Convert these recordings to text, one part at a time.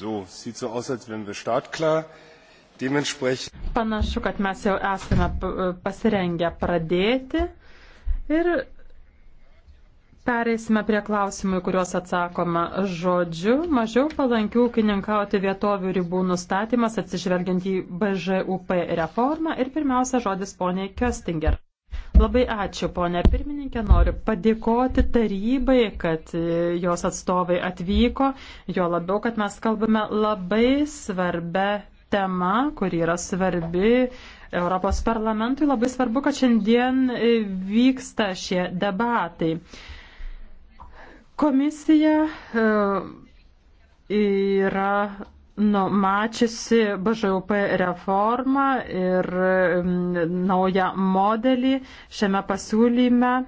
So, sieht so aus, als wären wir startklar. Dementsprechend. Panašu, kad mes jau esame pasirengę pradėti ir pereisime prie klausimų, kuriuos atsakoma žodžiu. Mažiau palankių ūkininkauti vietovių ribų nustatymas atsižvelgiant į BŽUP reformą ir pirmiausia žodis poniai Köstinger. Labai ačiū, ponė pirmininkė. Noriu padėkoti tarybai, kad e, jos atstovai atvyko, jo labiau, kad mes kalbame labai svarbę temą, kuri yra svarbi Europos parlamentui. Labai svarbu, kad šiandien e, vyksta šie debatai. Komisija e, yra numačiusi BŽUP reformą ir naują modelį šiame pasiūlyme e,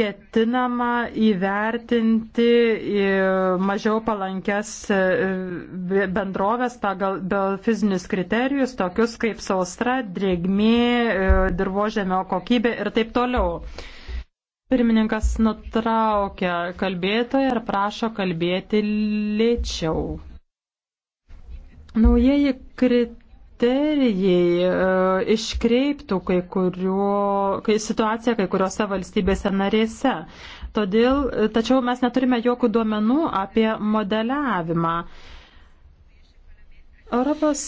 ketinama įvertinti e, mažiau palankes e, bendrovės pagal biofizinius kriterijus, tokius kaip saustra, drėgmė, dirbožėmio kokybė ir taip toliau. Pirmininkas nutraukia kalbėtoją ir prašo kalbėti lėčiau. Naujieji kriterijai e, iškreiptų kai kurio, kai situaciją kai kuriuose valstybėse narėse. Todėl, e, tačiau mes neturime jokių duomenų apie modeliavimą. Europos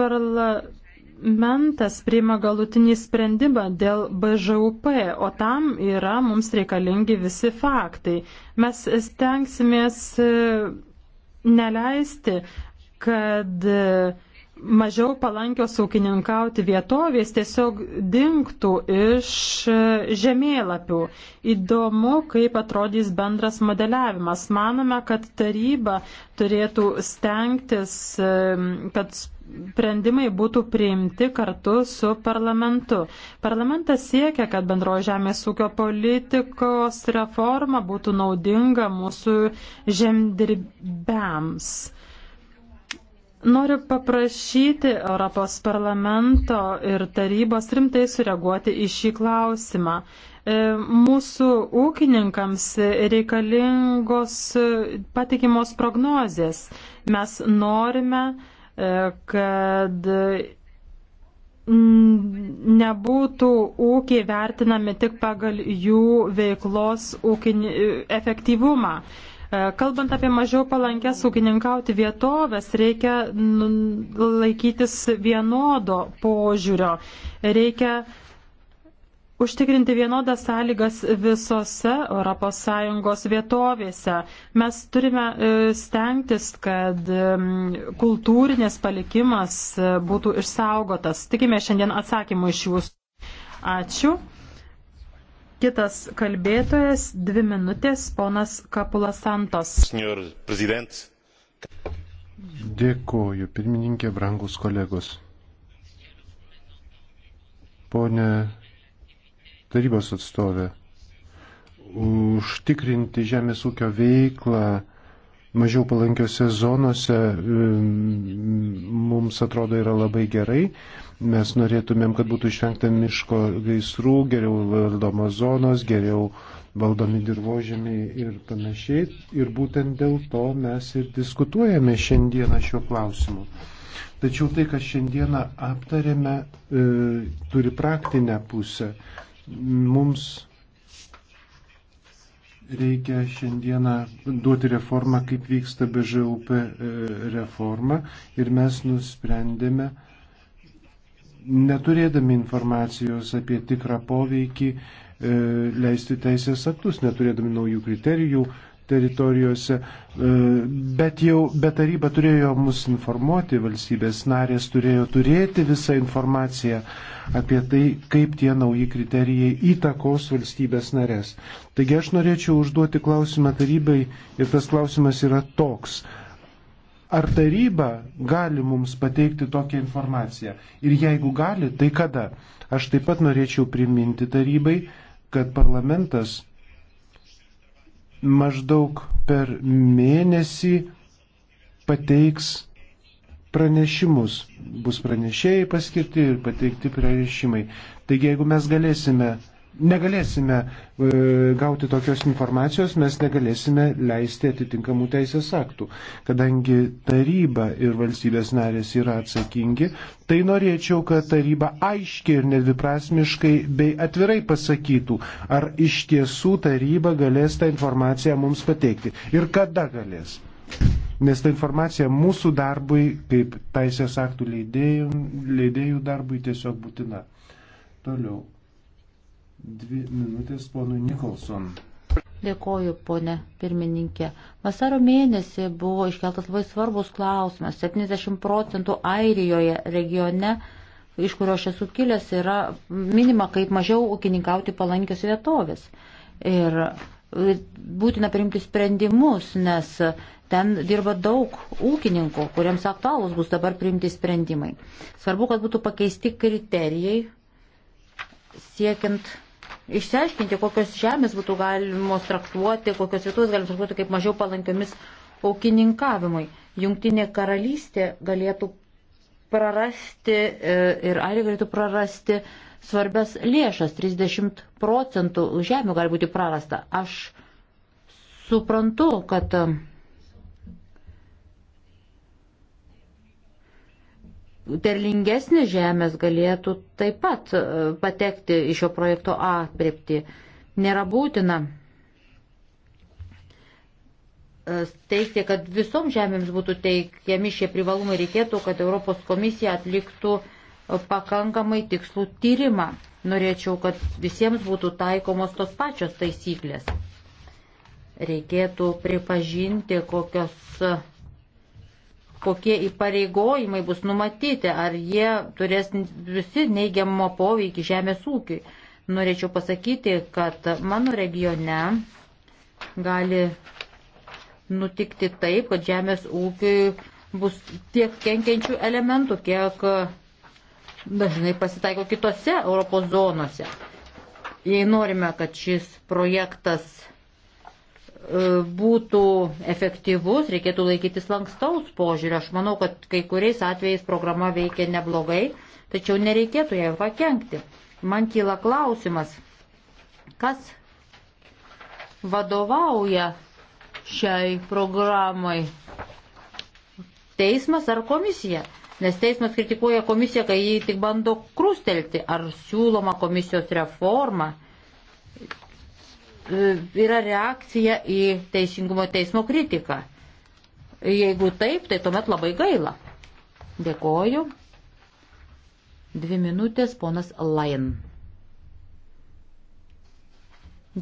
parlamentas priima galutinį sprendimą dėl BŽUP, o tam yra mums reikalingi visi faktai. Mes stengsimės e, neleisti kad mažiau palankios ūkininkauti vietovės tiesiog dinktų iš žemėlapių. Įdomu, kaip atrodys bendras modeliavimas. Manome, kad taryba turėtų stengtis, kad sprendimai būtų priimti kartu su parlamentu. Parlamentas siekia, kad bendro žemės ūkio politikos reforma būtų naudinga mūsų žemdirbiams. Noriu paprašyti Europos parlamento ir tarybos rimtai sureaguoti į šį klausimą. E, mūsų ūkininkams reikalingos patikimos prognozės. Mes norime, e, kad nebūtų ūkiai vertinami tik pagal jų veiklos ūkinį e, efektyvumą. E, kalbant apie mažiau palankęs ūkininkauti vietovės, reikia nu, laikytis vienodo požiūrio. Reikia užtikrinti vienodas sąlygas visose ES vietovėse. Mes turime e, stengtis, kad kultūrinės palikimas e, būtų išsaugotas. Tikime šiandien atsakymų iš jūsų. Ačiū. Kitas kalbėtojas, dvi minutės, ponas Kapulas Santos. Dėkuoju, pirmininkė, brangus kolegos. Pone tarybos atstovė, užtikrinti žemės ūkio veiklą mažiau palankiose zonose mums atrodo yra labai gerai. Mes norėtumėm, kad būtų išvengta miško gaisrų, geriau valdomos zonos, geriau valdomi dirbožėmiai ir panašiai. Ir būtent dėl to mes ir diskutuojame šiandieną šiuo klausimu. Tačiau tai, ką šiandieną aptarėme, e, turi praktinę pusę. Mums reikia šiandieną duoti reformą, kaip vyksta BŽUP e, reforma ir mes nusprendėme, neturėdami informacijos apie tikrą poveikį, e, leisti teisės aktus, neturėdami naujų kriterijų, teritorijose, e, bet jau, bet taryba turėjo mus informuoti, valstybės narės turėjo turėti visą informaciją apie tai, kaip tie nauji kriterijai įtakos valstybės narės. Taigi aš norėčiau užduoti klausimą tarybai ir tas klausimas yra toks. Ar taryba gali mums pateikti tokią informaciją? Ir jeigu gali, tai kada? Aš taip pat norėčiau priminti tarybai, kad parlamentas maždaug per mėnesį pateiks pranešimus. Bus pranešėjai paskirti ir pateikti pranešimai. Taigi jeigu mes galėsime negalėsime e, gauti tokios informacijos, mes negalėsime leisti atitinkamų teisės aktų. Kadangi taryba ir valstybės narės yra atsakingi, tai norėčiau, kad taryba aiškiai ir nedviprasmiškai bei atvirai pasakytų, ar iš tiesų taryba galės tą informaciją mums pateikti ir kada galės. Nes ta informacija mūsų darbui, kaip teisės aktų leidėjų, leidėjų darbui, tiesiog būtina. Toliau. Dvi minutės ponui Nikolson. Dėkoju, ponė pirmininkė. Vasaro mėnesį buvo iškeltas labai svarbus klausimas. 70 procentų Airijoje regione, iš kurio aš esu kilęs, yra minima, kaip mažiau ūkininkauti palankios vietovės. Ir e, būtina priimti sprendimus, nes ten dirba daug ūkininkų, kuriems aktualūs bus dabar priimti sprendimai. Svarbu, kad būtų pakeisti kriterijai siekiant išsiaiškinti, kokios žemės būtų galimos traktuoti, kokios vietos galimos traktuoti kaip mažiau palankiomis aukininkavimui. Jungtinė karalystė galėtų prarasti e, ir Airija galėtų prarasti svarbias lėšas, 30 procentų žemė gali būti prarasta. Aš suprantu, kad terlingesnė žemės galėtų taip pat e, patekti iš šio projekto aprepti. Nėra būtina e, teikti, kad visom žemėms būtų teikiami šie privalumai, reikėtų, kad Europos komisija atliktų e, pakankamai tikslų tyrimą. Norėčiau, kad visiems būtų taikomos tos pačios taisyklės. Reikėtų pripažinti, kokios kokie įpareigojimai bus numatyti, ar jie turės visi neigiamą poveikį žemės ūkiui. Norėčiau pasakyti, kad mano regione gali nutikti taip, kad žemės ūkiui bus tiek kenkiančių elementų, kiek dažnai pasitaiko kitose Europos zonose. Jei norime, kad šis projektas būtų efektyvus, reikėtų laikytis lankstaus požiūrio. Aš manau, kad kai kuriais atvejais programa veikia neblogai, tačiau nereikėtų jai pakengti. Man kyla klausimas, kas vadovauja šiai programai - teismas ar komisija? Nes teismas kritikuoja komisiją, kai jį tik bando krustelti, ar siūloma komisijos reforma E, yra reakcija į Teisingumo teismo kritiką. Jeigu taip, tai tuomet labai gaila. Dėkoju. Dvi minutės, ponas Lain.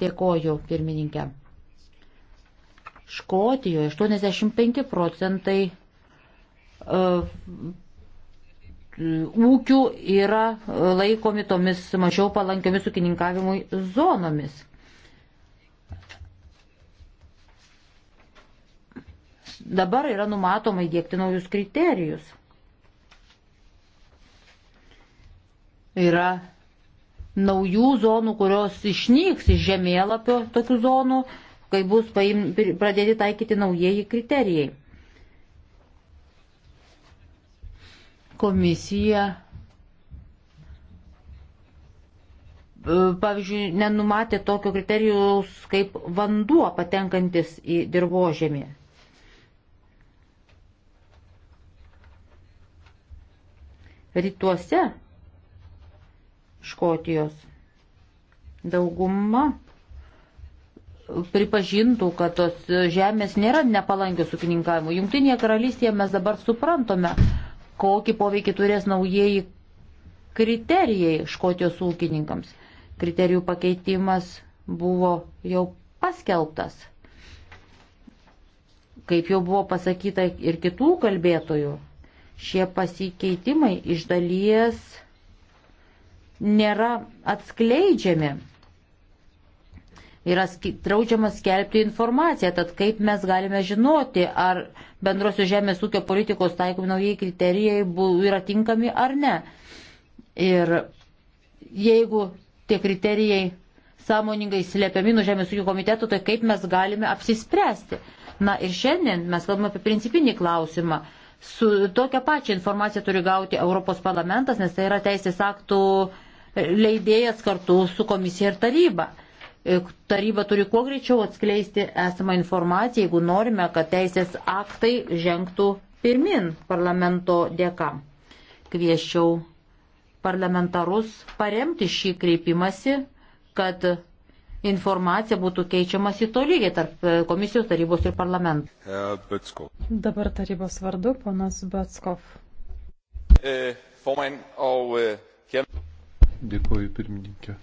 Dėkoju, pirmininkė. Škotijoje 85 procentai uh, ūkių yra laikomi tomis mažiau palankiomis ūkininkavimui zonomis. dabar yra numatoma įdėkti naujus kriterijus. Yra naujų zonų, kurios išnyks iš žemėlapio tokių zonų, kai bus paim, pradėti taikyti naujieji kriterijai. Komisija e, pavyzdžiui, nenumatė tokio kriterijus kaip vanduo patenkantis į dirbožėmį. rytuose Škotijos dauguma pripažintų, kad tos žemės nėra nepalankios ūkininkavimui. Jungtinėje karalystėje mes dabar suprantame, kokį poveikį turės naujieji kriterijai Škotijos ūkininkams. Kriterijų pakeitimas buvo jau paskelbtas. Kaip jau buvo pasakyta ir kitų kalbėtojų, Šie pasikeitimai iš dalies nėra atskleidžiami. Yra draudžiama skelbti informaciją, tad kaip mes galime žinoti, ar bendrosios žemės ūkio politikos taikomi naujai kriterijai yra tinkami ar ne. Ir jeigu tie kriterijai sąmoningai slėpiami nuo Žemės ūkio komiteto, tai kaip mes galime apsispręsti. Na ir šiandien mes kalbame apie principinį klausimą. Su tokia pačia informacija turi gauti Europos parlamentas, nes tai yra teisės aktų leidėjas kartu su komisija ir taryba. E, taryba turi kuo greičiau atskleisti esamą informaciją, jeigu norime, kad teisės aktai žengtų pirmin parlamento dėka. Kvieščiau parlamentarus paremti šį kreipimąsi, kad informacija būtų keičiamas į to lygiai tarp e, komisijos tarybos ir parlamento. Dabar tarybos vardu ponas Batskov. E, e, Dėkuoju pirmininkė.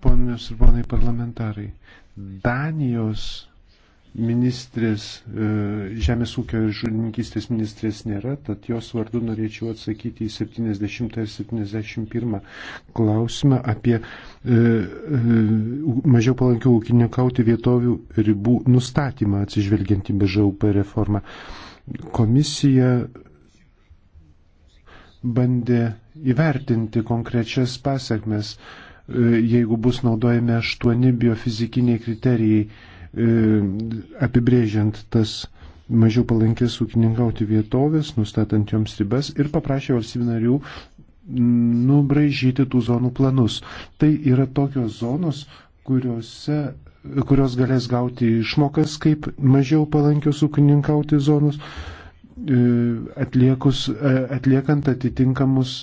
Ponios ir ponai parlamentarai, Danijos ministrės, e, žemės ūkio ir žuvininkystės ministrės nėra, tad jos vardu norėčiau atsakyti į 70 ir 71 klausimą apie e, e mažiau palankių ūkininkauti vietovių ribų nustatymą atsižvelgiant į BŽUP reformą. Komisija bandė įvertinti konkrečias pasiekmes, e, jeigu bus naudojami aštuoni biofizikiniai kriterijai E, apibrėžiant tas mažiau palankės ūkininkauti vietovės, nustatant joms ribas ir paprašė valstybinarių nubražyti tų zonų planus. Tai yra tokios zonos, kuriuose kurios galės gauti išmokas kaip mažiau palankios ūkininkauti zonus, e, atliekus, e, atliekant atitinkamus,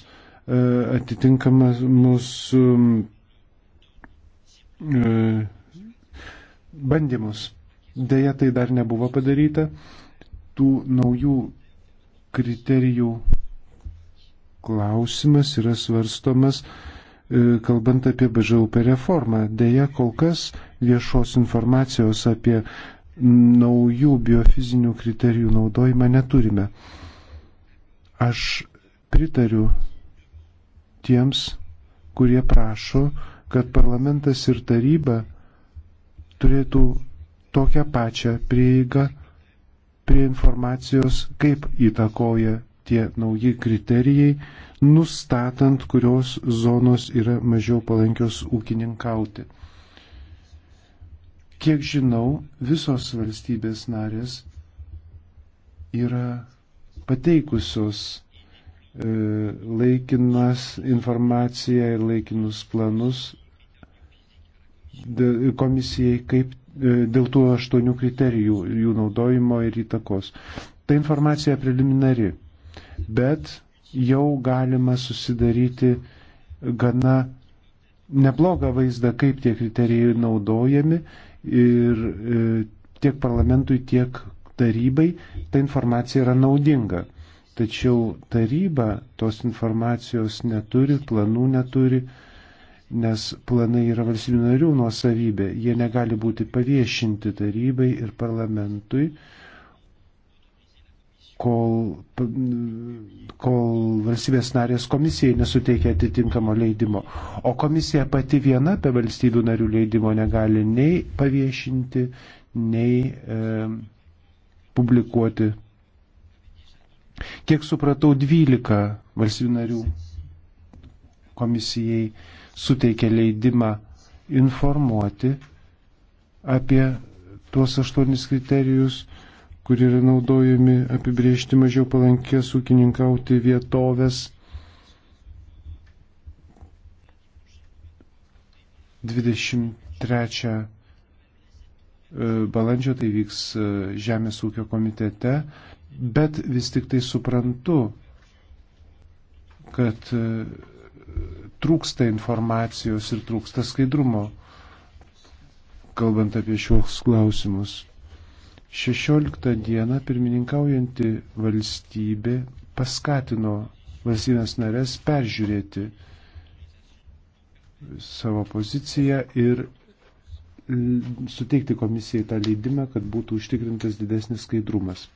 atitinkamus bandymus. Deja, tai dar nebuvo padaryta. Tų naujų kriterijų klausimas yra svarstomas, e, kalbant apie BŽUP reformą. Deja, kol kas viešos informacijos apie naujų biofizinių kriterijų naudojimą neturime. Aš pritariu tiems, kurie prašo, kad parlamentas ir taryba turėtų tokią pačią prieigą prie informacijos, kaip įtakoja tie nauji kriterijai, nustatant, kurios zonos yra mažiau palankios ūkininkauti. Kiek žinau, visos valstybės narės yra pateikusios e, laikinas informaciją ir laikinus planus komisijai kaip e, dėl tų aštuonių kriterijų, jų naudojimo ir įtakos. Ta informacija preliminari, bet jau galima susidaryti gana neblogą vaizdą, kaip tie kriterijai naudojami ir e, tiek parlamentui, tiek tarybai ta informacija yra naudinga. Tačiau taryba tos informacijos neturi, planų neturi, nes planai yra valstybių narių nuosavybė, jie negali būti paviešinti tarybai ir parlamentui, kol, kol valstybės narės komisijai nesuteikia atitinkamo leidimo. O komisija pati viena be valstybių narių leidimo negali nei paviešinti, nei e, publikuoti. Kiek supratau, 12 valstybių narių komisijai suteikė leidimą informuoti apie tuos aštuonis kriterijus, kurie yra naudojami apibriežti mažiau palankės ūkininkauti vietovės 23 e, balandžio tai vyks e, Žemės ūkio komitete, bet vis tik tai suprantu, kad e, trūksta informacijos ir trūksta skaidrumo, kalbant apie šios klausimus. 16 dieną pirmininkaujanti valstybė paskatino valstybės narės peržiūrėti savo poziciją ir suteikti komisijai tą leidimą, kad būtų užtikrintas didesnis skaidrumas.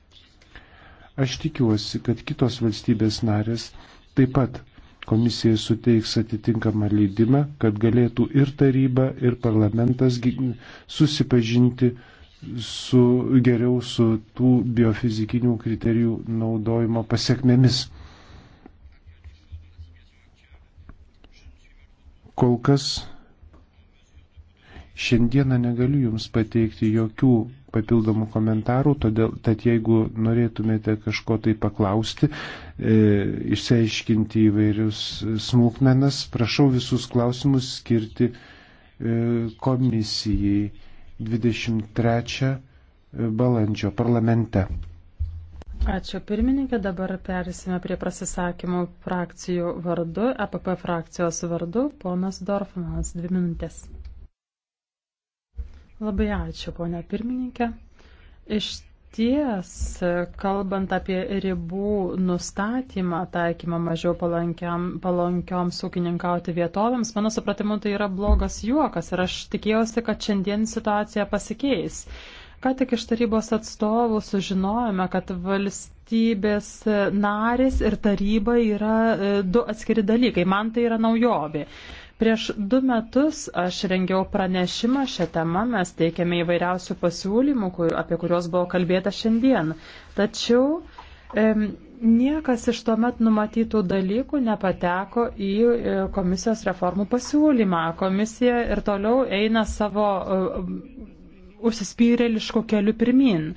Aš tikiuosi, kad kitos valstybės narės taip pat komisija suteiks atitinkamą leidimą, kad galėtų ir taryba, ir parlamentas susipažinti su, geriau su tų biofizikinių kriterijų naudojimo pasiekmėmis. Kol kas šiandieną negaliu Jums pateikti jokių papildomų komentarų, todėl, tad jeigu norėtumėte kažko tai paklausti, e, išsiaiškinti įvairius smulkmenas, prašau visus klausimus skirti e, komisijai 23 e, balandžio parlamente. Ačiū pirmininkė, dabar perėsime prie pasisakymų frakcijų vardu, APP e frakcijos vardu, ponas Dorfmanas, dvi minutės. Labai ačiū, ponia pirmininkė. Iš ties, kalbant apie ribų nustatymą taikymą mažiau palankioms ūkininkauti vietovėms, mano supratimu, tai yra blogas juokas ir aš tikėjausi, kad šiandien situacija pasikeis. Ką tik iš tarybos atstovų sužinojome, kad valstybės narės ir taryba yra e, du atskiri dalykai. Man tai yra naujovė. Prieš du metus aš rengiau pranešimą šią temą, mes teikėme įvairiausių pasiūlymų, kur, apie kuriuos buvo kalbėta šiandien. Tačiau e, niekas iš tuomet numatytų dalykų nepateko į e, komisijos reformų pasiūlymą. Komisija ir toliau eina savo uh, e, užsispyrėliškų kelių pirmin.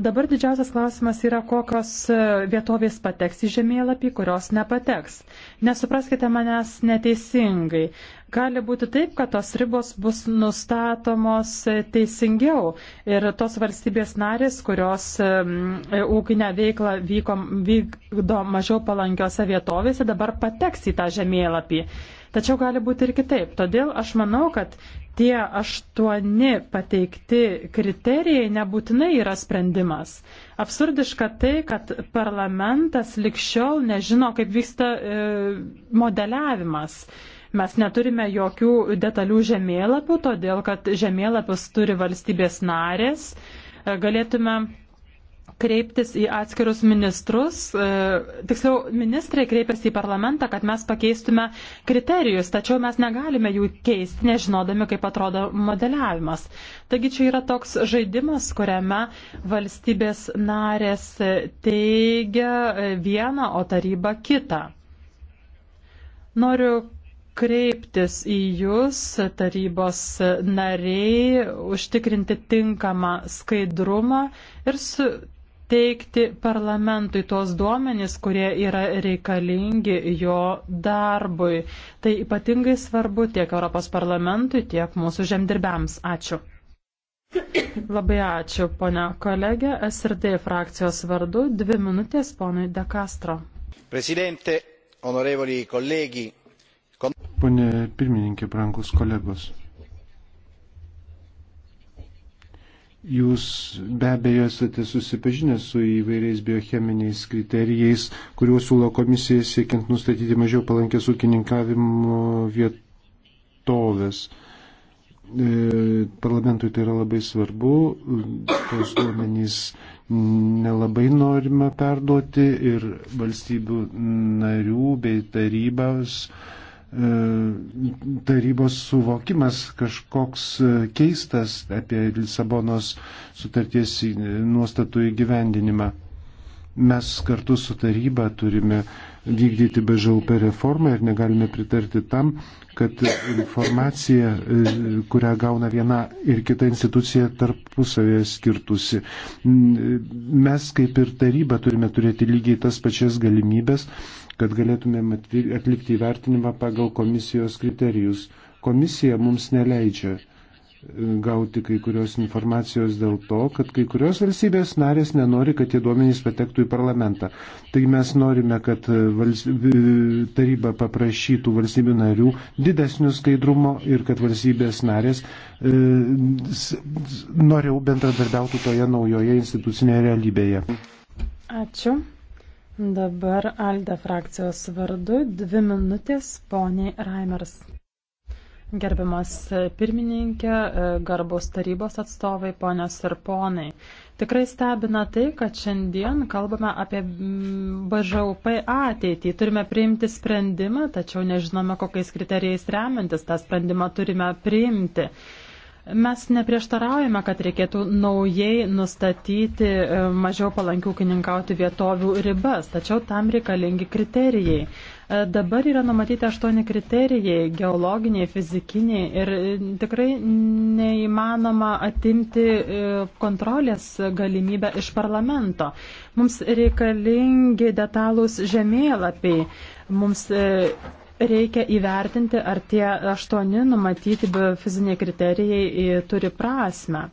Dabar didžiausias klausimas yra, kokios e, vietovės pateks į žemėlapį, kurios nepateks. Nesupraskite manęs neteisingai. Gali būti taip, kad tos ribos bus nustatomos e, teisingiau ir tos valstybės narės, kurios e, ūkinę veiklą vyko, vykdo mažiau palankiose vietovėse, dabar pateks į tą žemėlapį. Tačiau gali būti ir kitaip. Todėl aš manau, kad tie aštuoni pateikti kriterijai nebūtinai yra sprendimas. Absurdiška tai, kad parlamentas likščiol nežino, kaip vyksta e, modeliavimas. Mes neturime jokių detalių žemėlapių, todėl kad žemėlapius turi valstybės narės. E, galėtume kreiptis į atskirus ministrus, e, tiksliau ministrai kreipiasi į parlamentą, kad mes pakeistume kriterijus, tačiau mes negalime jų keisti, nežinodami, kaip atrodo modeliavimas. Taigi čia yra toks žaidimas, kuriame valstybės narės teigia vieną, o taryba kitą. Noriu kreiptis į Jūs, tarybos nariai, užtikrinti tinkamą skaidrumą ir su, pateikti parlamentui tos duomenys, kurie yra reikalingi jo darbui. Tai ypatingai svarbu tiek Europos parlamentui, tiek mūsų žemdirbiams. Ačiū. Labai ačiū, ponia kolegė. SRD frakcijos vardu dvi minutės ponui De Castro. Presidente, onorevoli kolegi. Kon... Pone pirmininkė, brangus kolegos. Jūs be abejo esate susipažinę su įvairiais biocheminiais kriterijais, kuriuos siūlo komisija siekiant nustatyti mažiau palankės ūkininkavimo vietovės. E, parlamentui tai yra labai svarbu, tos duomenys nelabai norima perduoti ir valstybių narių bei tarybos uh, E, tarybos suvokimas kažkoks e, keistas apie Lisabonos sutarties nuostatų įgyvendinimą. Mes kartu su taryba turime vykdyti BŽUP reformą ir negalime pritarti tam, kad informacija, e, kurią gauna viena ir kita institucija, tarpusavėje skirtusi. Mes kaip ir taryba turime turėti lygiai tas pačias galimybės kad galėtumėm atlikti įvertinimą pagal komisijos kriterijus. Komisija mums neleidžia e, gauti kai kurios informacijos dėl to, kad kai kurios valstybės narės nenori, kad tie duomenys patektų į parlamentą. Taigi mes norime, kad e, vals... taryba paprašytų valstybių narių didesnių skaidrumo ir kad valstybės narės e, noriau bendradarbiautų toje naujoje institucinėje realybėje. Ačiū. Dabar Alde frakcijos vardu dvi minutės poniai Raimers. Gerbiamas pirmininkė, e, garbus tarybos atstovai, ponios ir ponai. Tikrai stebina tai, kad šiandien kalbame apie mm, BŽUP ateitį. Turime priimti sprendimą, tačiau nežinome, kokiais kriterijais remiantis tą sprendimą turime priimti. Mes neprieštaraujame, kad reikėtų naujai nustatyti e, mažiau palankių kininkauti vietovių ribas, tačiau tam reikalingi kriterijai. E, dabar yra numatyti aštuoni kriterijai - geologiniai, fizikiniai ir e, tikrai neįmanoma atimti kontrolės galimybę iš parlamento. Mums reikalingi detalūs žemėlapiai, mums reikia įvertinti, ar tie aštuoni numatyti fiziniai kriterijai turi prasme.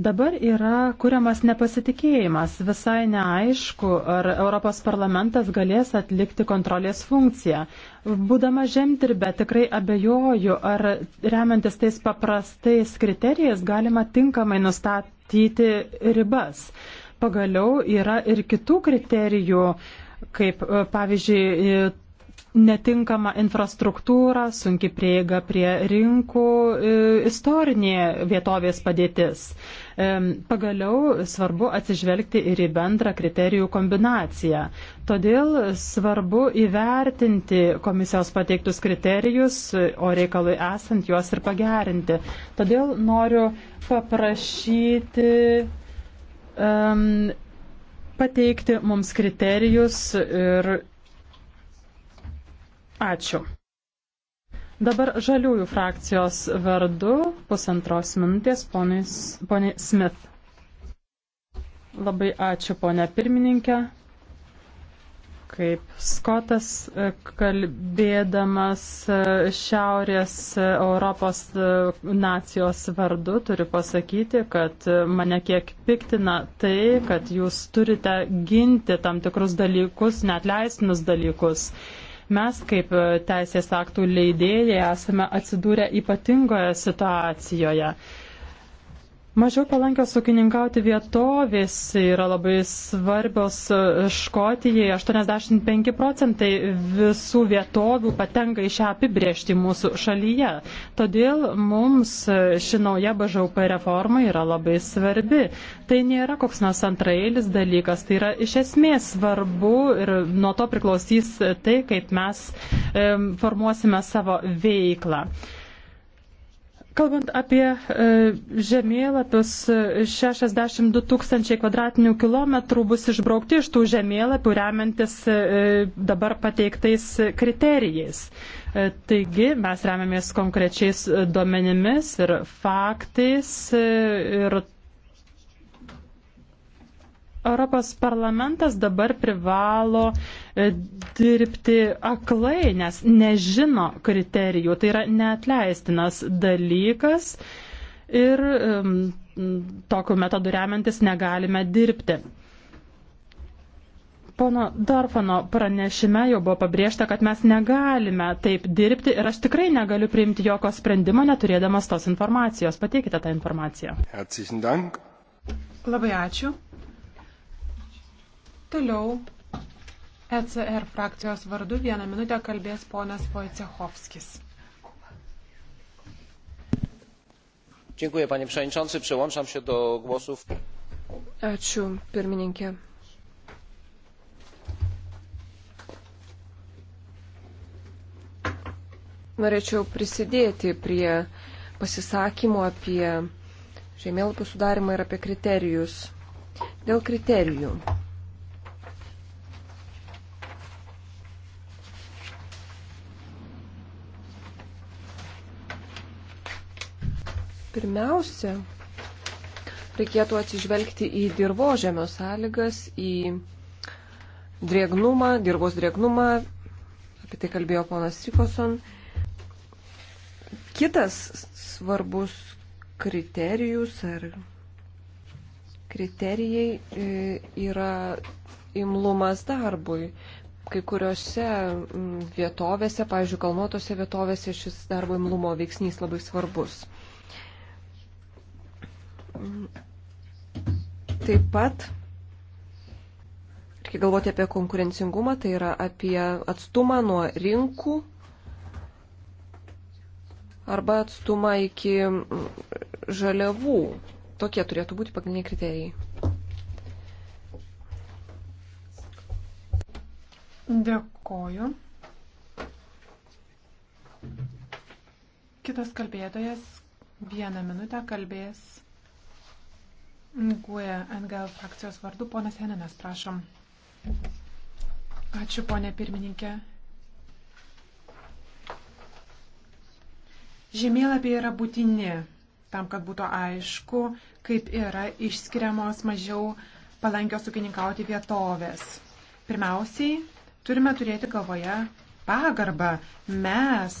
Dabar yra kuriamas nepasitikėjimas. Visai neaišku, ar Europos parlamentas galės atlikti kontrolės funkciją. Būdama žemdirbė, tikrai abejoju, ar remiantis tais paprastais kriterijais galima tinkamai nustatyti ribas. Pagaliau yra ir kitų kriterijų, kaip pavyzdžiui netinkama infrastruktūra, sunki prieiga prie rinkų, e, istorinė vietovės padėtis. E, pagaliau svarbu atsižvelgti ir į bendrą kriterijų kombinaciją. Todėl svarbu įvertinti komisijos pateiktus kriterijus, o reikalui esant juos ir pagerinti. Todėl noriu paprašyti. Um, pateikti mums kriterijus ir Ačiū. Dabar žaliųjų frakcijos vardu pusantros minutės poniai Smith. Labai ačiū ponia pirmininkė. Kaip Skotas e, kalbėdamas e, Šiaurės Europos e, nacijos vardu turiu pasakyti, kad mane kiek piktina tai, kad jūs turite ginti tam tikrus dalykus, net leisnus dalykus. Mes kaip e, teisės aktų leidėjai esame atsidūrę ypatingoje situacijoje. Mažiau palankios ūkininkauti vietovės yra labai svarbios Škotijai. 85 procentai visų vietovių patenka į šią apibriežtį mūsų šalyje. Todėl mums ši nauja BŽUP reforma yra labai svarbi. Tai nėra koks nors antrailis dalykas, tai yra iš esmės svarbu ir nuo to priklausys tai, kaip mes e, formuosime savo veiklą. E, Kalbant apie e, žemėlapius, 62 e, tūkstančiai kvadratinių kilometrų bus išbraukti iš tų žemėlapių remiantis e, dabar pateiktais kriterijais. Taigi mes remiamės konkrečiais duomenimis ir faktais ir Europos parlamentas dabar privalo e, dirbti aklai, nes nežino kriterijų. Tai yra neatleistinas dalykas ir um, tokiu metodu remiantis negalime dirbti. Pono Dorfano pranešime jau buvo pabrėžta, kad mes negalime taip dirbti ir aš tikrai negaliu priimti jokio sprendimo neturėdamas tos informacijos. Pateikite tą informaciją. Labai ačiū. Toliau ECR frakcijos vardu vieną minutę kalbės ponas Wojciechowskis. Dziękuję panie przewodniczący. Przyłączam się do głosów. Ačiū, pirmininkė. norėčiau prisidėti prie pasisakymų apie žemėlapių sudarimą ir apie kriterijus. Dėl kriterijų. Pirmiausia, reikėtų atsižvelgti į dirbožėmio sąlygas, į drėgnumą, dirbos drėgnumą, apie tai kalbėjo ponas Sikoson. Kitas svarbus kriterijus ar kriterijai e, yra imlumas darbui. Kai kuriuose vietovėse, pavyzdžiui, kalnuotose vietovėse šis darbo imlumo veiksnys labai svarbus. Taip pat reikia galvoti apie konkurencingumą, tai yra apie atstumą nuo rinkų arba atstumą iki žaliavų. Tokie turėtų būti pagrindiniai kriterijai. Dėkoju. Kitas kalbėtojas vieną minutę kalbės Guoja NGL frakcijos vardu, ponas Heninas, prašom. Ačiū, ponė pirmininkė. Žemėlapiai yra būtini tam, kad būtų aišku, kaip yra išskiriamos mažiau palankios ūkininkauti vietovės. Pirmiausiai, turime turėti galvoje pagarbą. Mes,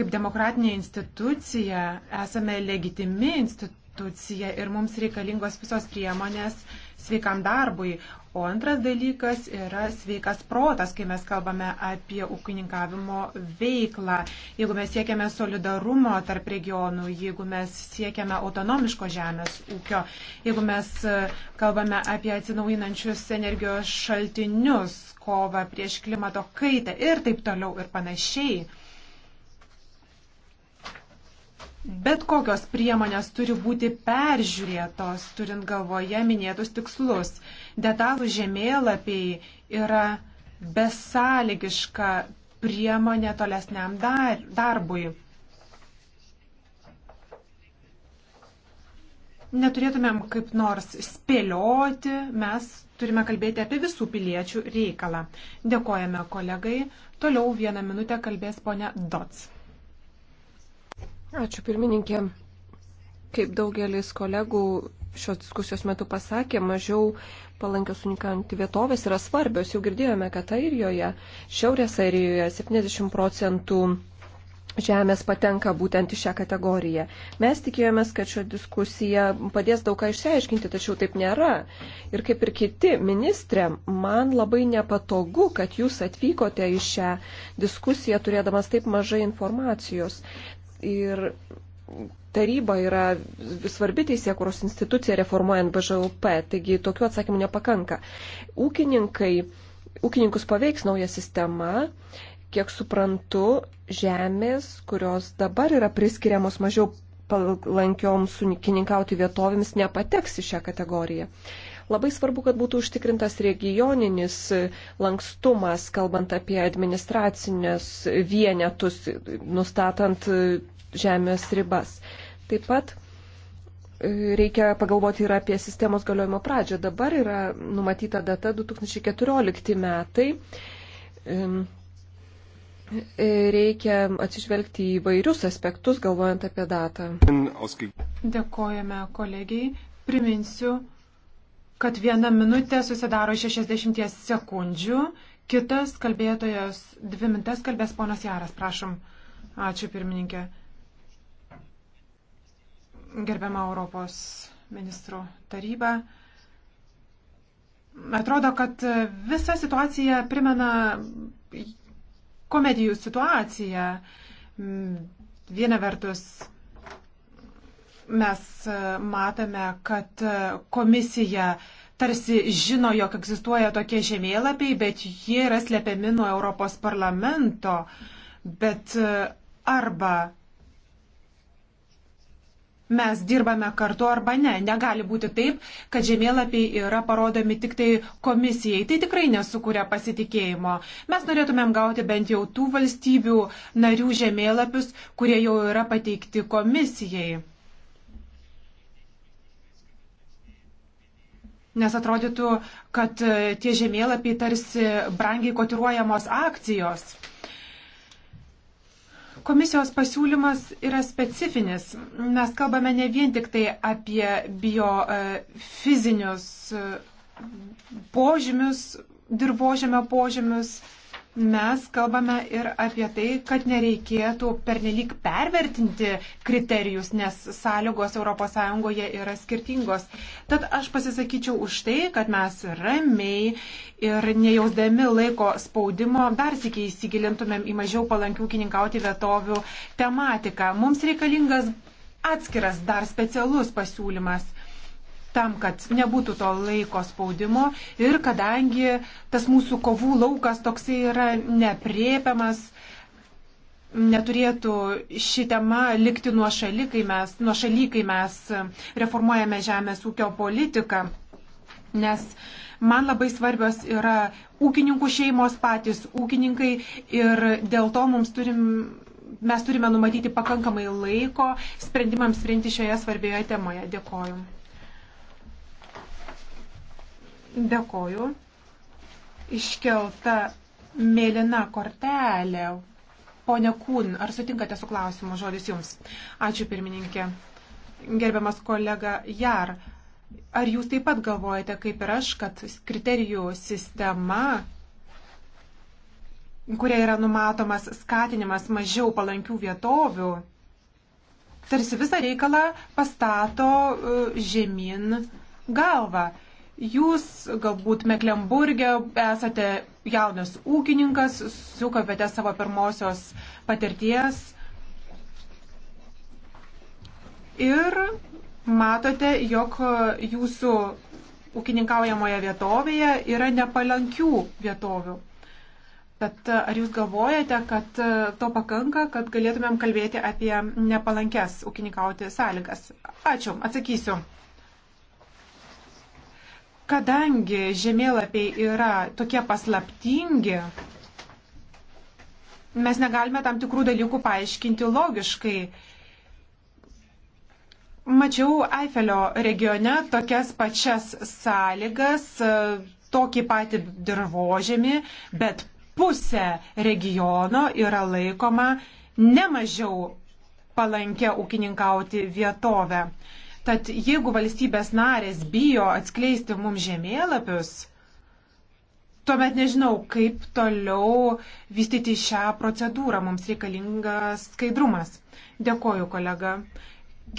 kaip demokratinė institucija, esame legitimi institucija institucija ir mums reikalingos visos priemonės sveikam darbui. O antras dalykas yra sveikas protas, kai mes kalbame apie ūkininkavimo veiklą. Jeigu mes siekiame solidarumo tarp regionų, jeigu mes siekiame autonomiško žemės ūkio, jeigu mes e, kalbame apie atsinaujinančius energijos šaltinius, kovą prieš klimato kaitą ir taip toliau ir panašiai. Bet kokios priemonės turi būti peržiūrėtos, turint galvoje minėtus tikslus. Detalų žemėlapiai yra besąlygiška priemonė tolesniam dar, darbui. Neturėtumėm kaip nors spėlioti, mes turime kalbėti apie visų piliečių reikalą. Dėkojame kolegai. Toliau vieną minutę kalbės ponia Dots. Ačiū pirmininkė. Kaip daugelis kolegų šios diskusijos metu pasakė, mažiau palankios unikantį vietovės yra svarbios. Jau girdėjome, kad Airijoje, Šiaurės Airijoje 70 procentų žemės patenka būtent į šią kategoriją. Mes tikėjomės, kad šią diskusiją padės daug ką išsiaiškinti, tačiau taip nėra. Ir kaip ir kiti ministrė, man labai nepatogu, kad jūs atvykote į šią diskusiją turėdamas taip mažai informacijos. Ir taryba yra svarbi teisėkuros institucija reformuojant BŽUP, taigi tokių atsakymų nepakanka. Ūkininkai, ūkininkus paveiks nauja sistema, kiek suprantu, žemės, kurios dabar yra priskiriamos mažiau palankioms sunikininkauti vietovėms, nepateks į šią kategoriją. Labai svarbu, kad būtų užtikrintas regioninis lankstumas, kalbant apie administracinės vienetus, nustatant žemės ribas. Taip pat e, reikia pagalvoti ir apie sistemos galiojimo pradžią. Dabar yra numatyta data 2014 metai e, reikia atsižvelgti į vairius aspektus, galvojant apie datą. Dėkojame kolegijai. Priminsiu, kad viena minutė susidaro 60 sekundžių, kitas kalbėtojas dvi mintas kalbės ponas Jaras, prašom. Ačiū pirmininkė. Gerbiama Europos ministrų taryba. Atrodo, kad visa situacija primena komedijų situaciją. Viena vertus mes e, matome, kad e, komisija tarsi žino, jog egzistuoja tokie žemėlapiai, bet jie yra slepiami nuo Europos parlamento. Bet e, arba mes dirbame kartu arba ne. Negali būti taip, kad žemėlapiai yra parodomi tik tai komisijai. Tai tikrai nesukuria pasitikėjimo. Mes norėtumėm gauti bent jau tų valstybių narių žemėlapius, kurie jau yra pateikti komisijai. Nes atrodytų, kad e, tie žemėlapiai tarsi brangiai kotiruojamos akcijos. Komisijos pasiūlymas yra specifinis. Mes kalbame ne vien tik tai apie biofizinius e, e, požymius, dirbožėmio požymius, mes kalbame ir apie tai, kad nereikėtų pernelyg pervertinti kriterijus, nes sąlygos ES yra skirtingos. Tad aš pasisakyčiau už tai, kad mes ramiai ir nejausdami laiko spaudimo dar sikiai įsigilintumėm į mažiau palankių kininkauti vietovių tematiką. Mums reikalingas atskiras dar specialus pasiūlymas tam, kad nebūtų to laiko spaudimo ir kadangi tas mūsų kovų laukas toksai yra nepriepiamas, neturėtų ši tema likti nuo šaly, kai mes, nuo šaly, kai mes reformuojame žemės ūkio politiką, nes man labai svarbios yra ūkininkų šeimos patys, ūkininkai ir dėl to mums turim mes turime numatyti pakankamai laiko sprendimams priimti šioje svarbioje temoje. Dėkoju. Dėkoju. Iškelta mėlyna kortelė. Pone Kūn, ar sutinkate su klausimu? Žodis jums. Ačiū pirmininkė. Gerbiamas kolega Jar, ar jūs taip pat galvojate, kaip ir aš, kad kriterijų sistema, kuria yra numatomas skatinimas mažiau palankių vietovių, tarsi visą reikalą pastato e, žemyn galvą. Jūs galbūt Meklemburgė esate jaunas ūkininkas, sukavėte savo pirmosios patirties ir matote, jog jūsų ūkininkaujamoje vietovėje yra nepalankių vietovių. Bet ar jūs galvojate, kad to pakanka, kad galėtumėm kalbėti apie nepalankes ūkininkauti sąlygas? Ačiū, atsakysiu. Kadangi žemėlapiai yra tokie paslaptingi, mes negalime tam tikrų dalykų paaiškinti logiškai. Mačiau Eifelio regione tokias pačias sąlygas, tokį patį dirbožėmį, bet pusė regiono yra laikoma nemažiau palankę ūkininkauti vietovę. Tad jeigu valstybės narės bijo atskleisti mums žemėlapius, tuomet nežinau, kaip toliau vystyti šią procedūrą. Mums reikalingas skaidrumas. Dėkoju, kolega.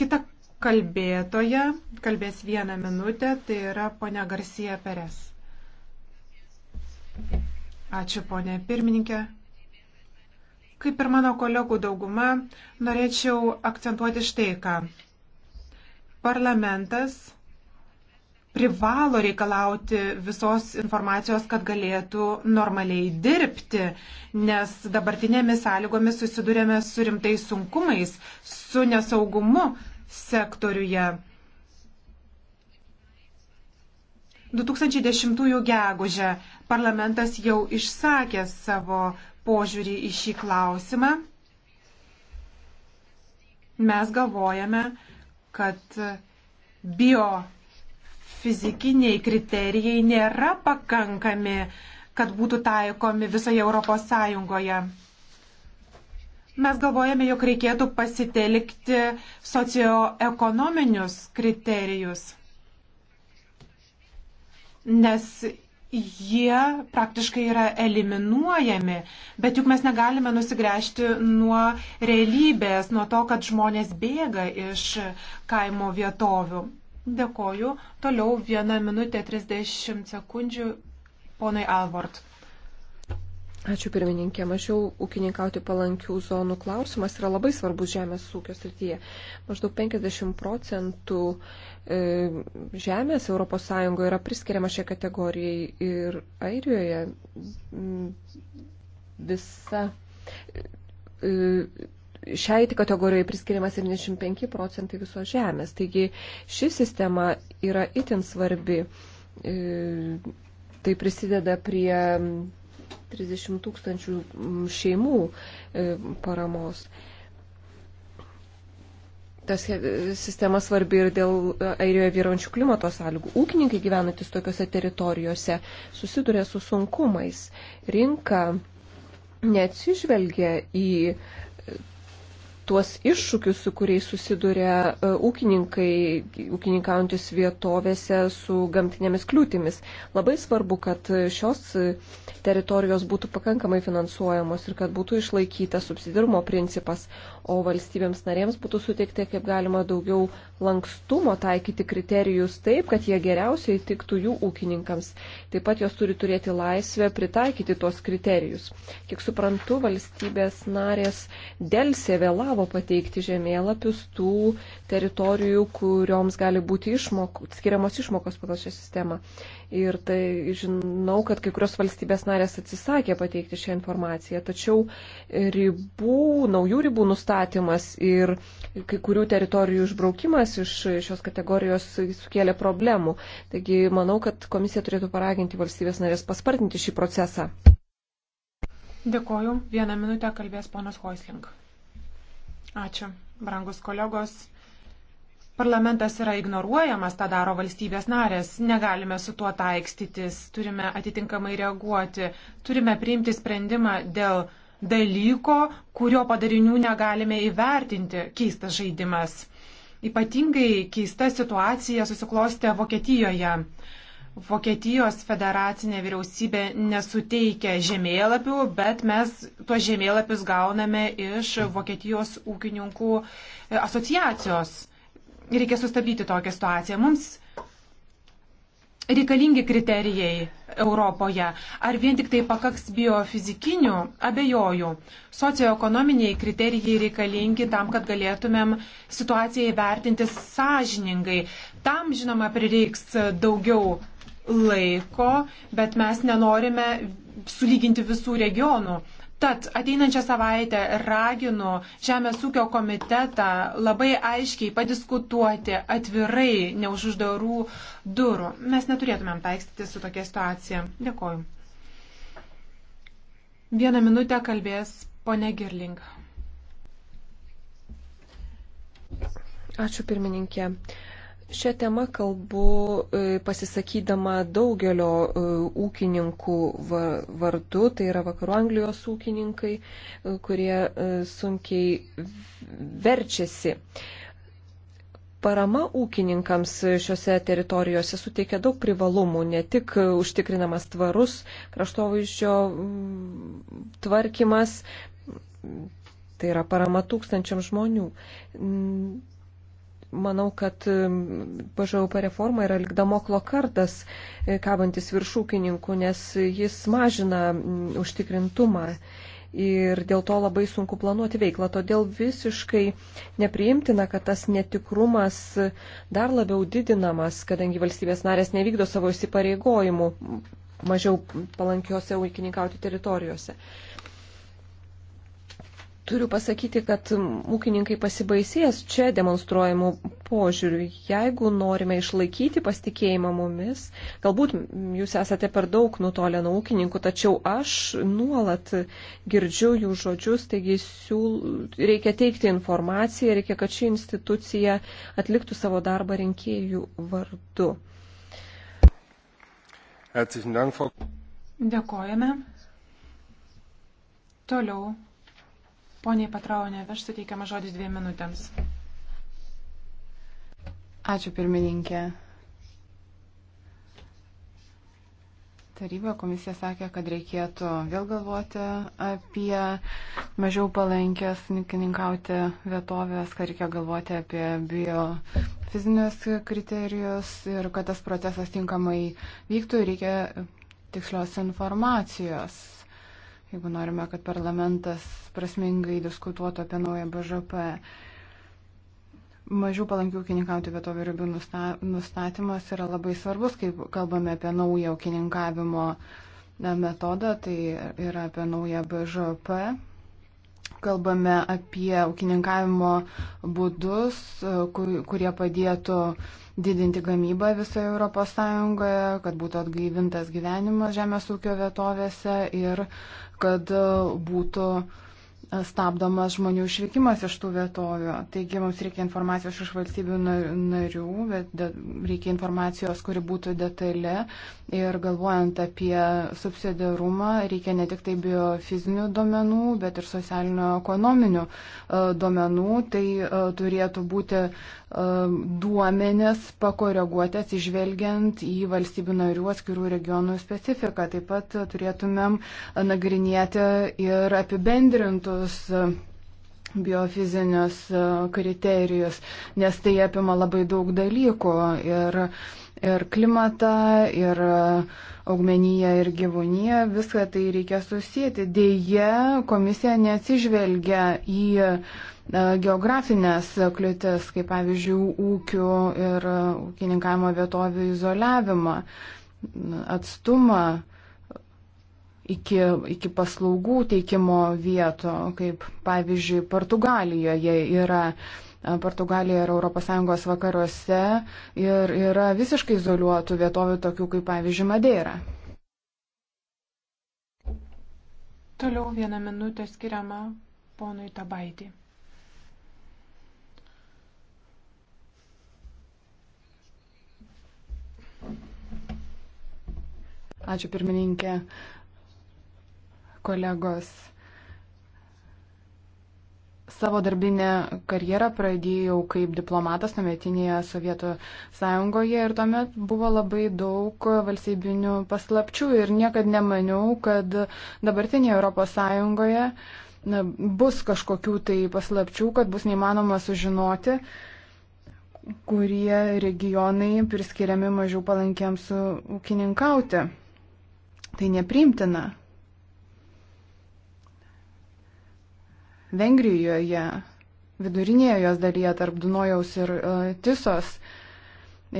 Kita kalbėtoja kalbės vieną minutę, tai yra ponia Garcija Peres. Ačiū, ponė pirmininkė. Kaip ir mano kolegų dauguma, norėčiau akcentuoti štai ką parlamentas privalo reikalauti visos informacijos, kad galėtų normaliai dirbti, nes dabartinėmis sąlygomis susidurėme su rimtais sunkumais, su nesaugumu sektoriuje. 2010 gegužę parlamentas jau išsakė savo požiūrį į šį klausimą. Mes galvojame, kad bio fizikiniai kriterijai nėra pakankami, kad būtų taikomi visoje Europos Sąjungoje. Mes galvojame, jog reikėtų pasitelkti socioekonominius kriterijus, nes jie praktiškai yra eliminuojami, bet juk mes negalime nusigręžti nuo realybės, nuo to, kad žmonės bėga iš kaimo vietovių. Dėkoju. Toliau 1 minutė 30 sekundžių ponai Alvort. Ačiū pirmininkė. Mažiau ūkininkauti palankių zonų klausimas yra labai svarbus žemės ūkio srityje. Maždaug 50 procentų e, žemės ES yra priskiriama šiai kategorijai ir Airijoje visa. E, šiai kategorijai priskiriama 75 procentai visos žemės. Taigi ši sistema yra itin svarbi. E, tai prisideda prie 30 tūkstančių šeimų e, paramos. Ta sistema svarbi ir dėl e, airijoje vyraujančių klimato sąlygų. Ūkininkai gyvenantis tokiuose teritorijose susiduria su sunkumais. Rinka neatsižvelgia į tuos iššūkius, su kuriais susiduria e, ūkininkai, ūkininkaujantis vietovėse su gamtinėmis kliūtimis. Labai svarbu, kad šios teritorijos būtų pakankamai finansuojamos ir kad būtų išlaikytas subsidirmo principas, o valstybėms narėms būtų suteikti kaip galima daugiau lankstumo taikyti kriterijus taip, kad jie geriausiai tiktų jų ūkininkams. Taip pat jos turi turėti laisvę pritaikyti tuos kriterijus. Kiek suprantu, valstybės narės dėlsė vėlavo vėlavo pateikti žemėlapius tų teritorijų, kurioms gali būti išmok, skiriamos išmokos pagal šią sistemą. Ir tai žinau, kad kai kurios valstybės narės atsisakė pateikti šią informaciją, tačiau ribų, naujų ribų nustatymas ir kai kurių teritorijų išbraukimas iš šios kategorijos sukėlė problemų. Taigi manau, kad komisija turėtų paraginti valstybės narės paspartinti šį procesą. Dėkoju. Vieną minutę kalbės ponas Hoisling. Ačiū, brangus kolegos. Parlamentas yra ignoruojamas, tą daro valstybės narės. Negalime su tuo taikstytis, turime atitinkamai reaguoti, turime priimti sprendimą dėl dalyko, kurio padarinių negalime įvertinti. Keistas žaidimas. Ypatingai keista situacija susiklostė Vokietijoje. Vokietijos federacinė vyriausybė nesuteikia žemėlapių, bet mes tuos žemėlapius gauname iš Vokietijos ūkininkų asociacijos. Reikia sustabdyti tokią situaciją. Mums reikalingi kriterijai Europoje. Ar vien tik tai pakaks biofizikinių, abejoju. Socioekonominiai kriterijai reikalingi tam, kad galėtumėm situaciją įvertinti sąžiningai. Tam, žinoma, prireiks daugiau laiko, bet mes nenorime sulyginti visų regionų. Tad ateinančią savaitę raginu Žemės ūkio komitetą labai aiškiai padiskutuoti atvirai, ne už uždarų durų. Mes neturėtumėm taikstyti su tokia situacija. Dėkoju. Vieną minutę kalbės ponė Girling. Ačiū pirmininkė. Uh, Šią temą kalbu e, pasisakydama daugelio e, ūkininkų vardu, tai yra vakarų Anglijos ūkininkai, e, kurie sunkiai verčiasi. Parama ūkininkams šiuose teritorijose suteikia daug privalumų, ne tik užtikrinamas tvarus kraštovaizdžio tvarkymas, tai yra parama tūkstančiam žmonių manau, kad BŽUP reforma yra likdamoklo kardas, e, kabantis viršūkininkų, nes jis mažina užtikrintumą. Ir dėl to labai sunku planuoti veiklą. Todėl visiškai nepriimtina, kad tas netikrumas dar labiau didinamas, kadangi valstybės narės nevykdo savo įsipareigojimų mažiau palankiose ūkininkauti teritorijose. Uh, Turiu pasakyti, kad ūkininkai pasibaisės čia demonstruojamų požiūrių. Jeigu norime išlaikyti pasitikėjimą mumis, galbūt jūs esate per daug nutolę nuo ūkininkų, tačiau aš nuolat girdžiu jų žodžius, taigi siūl... reikia teikti informaciją, reikia, kad ši institucija atliktų savo darbą rinkėjų vardu. Dėkojame. Toliau Poniai Patraunė, aš suteikiamą žodį dviem minutėms. Ačiū pirmininkė. Taryba komisija sakė, kad reikėtų vėl galvoti apie mažiau palankęs nikininkauti vietovės, kad reikia galvoti apie bio fizinius kriterijus ir kad tas procesas tinkamai vyktų, reikia tikslios informacijos jeigu norime, kad parlamentas prasmingai diskutuotų apie naują BŽP. Mažiau palankių ūkininkauti vietovių ribių nustatymas yra labai svarbus, kai kalbame apie naują ūkininkavimo e, metodą, tai yra apie naują BŽP. Kalbame apie ūkininkavimo būdus, e, kurie padėtų didinti gamybą visoje Europos Sąjungoje, kad būtų atgaivintas gyvenimas žemės ūkio vietovėse ir kad būtų uh, stabdomas žmonių išvykimas iš tų vietovių. Taigi mums reikia informacijos iš valstybių narių, bet reikia informacijos, kuri būtų detali. Ir galvojant apie subsidiarumą, reikia ne tik tai biofizinių duomenų, bet ir socialinio-ekonominių e, duomenų. Tai e, turėtų būti e, duomenės pakoreguoti atsižvelgiant į valstybių narių atskirų regionų specifiką. Taip pat turėtumėm nagrinėti ir apibendrintus aiškius e, biofizinius e, kriterijus, nes tai apima labai daug dalykų ir, ir klimatą, ir e, augmeniją, ir gyvūniją, viską tai reikia susijęti. Deja, komisija neatsižvelgia į geografinės kliūtis, kaip pavyzdžiui, ūkių ir ūkininkavimo vietovių izoliavimą, atstumą iki, iki paslaugų teikimo vietų, kaip pavyzdžiui Portugalijoje yra. Portugalija yra ES vakaruose ir yra visiškai izoliuotų vietovių, tokių kaip pavyzdžiui Madeira. Toliau vieną minutę skiriama ponui Tabaitį. Ačiū pirmininkė kolegos. Savo darbinę karjerą pradėjau kaip diplomatas tuometinėje Sovietų sąjungoje ir tuomet buvo labai daug valstybinių paslapčių ir niekad nemaniau, kad dabartinėje Europos sąjungoje na, bus kažkokių tai paslapčių, kad bus neįmanoma sužinoti, kurie regionai priskiriami mažiau palankiems ūkininkauti. Tai nepriimtina. Vengrijoje, vidurinėje jos dalyje tarp Dunojaus ir e, Tisos,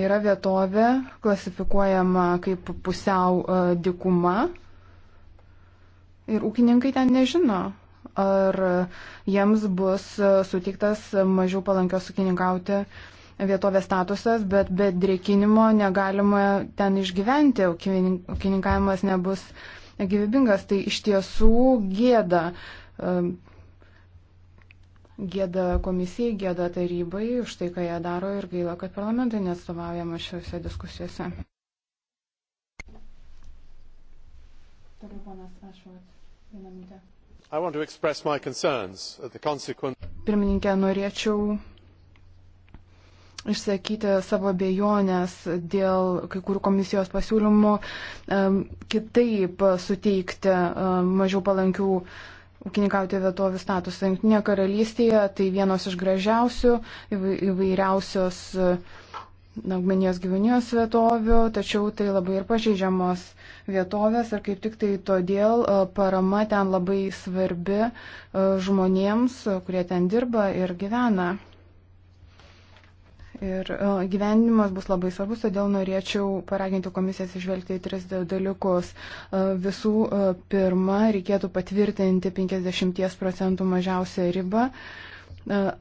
yra vietovė klasifikuojama kaip pusiau e, dikuma. Ir ūkininkai ten nežino, ar jiems bus e, suteiktas mažiau palankios ūkininkauti vietovės statusas, bet be drėkinimo negalima ten išgyventi, ūkininkavimas nebus gyvybingas. Tai iš tiesų gėda Gėda komisijai, gėda tarybai už tai, ką jie daro ir gaila, kad parlamentai neatstovaujama šiuose diskusijose. Toliau ponas Ašvat, vieną minutę. Consequence... Pirmininkė, norėčiau išsakyti savo bejonės dėl kai kurių komisijos pasiūlymų kitaip suteikti mažiau palankių ūkininkauti vietovių statusą. Junktinė karalystėje tai vienos iš gražiausių, įvairiausios augmenijos gyvūnijos vietovių, tačiau tai labai ir pažeidžiamos vietovės ir kaip tik tai todėl e, parama ten labai svarbi e, žmonėms, kurie ten dirba ir gyvena. Ir e, gyvenimas bus labai svarbus, todėl norėčiau paraginti komisijas išvelgti į tris dalykus. E, visų e, pirma, reikėtų patvirtinti 50 procentų mažiausią ribą.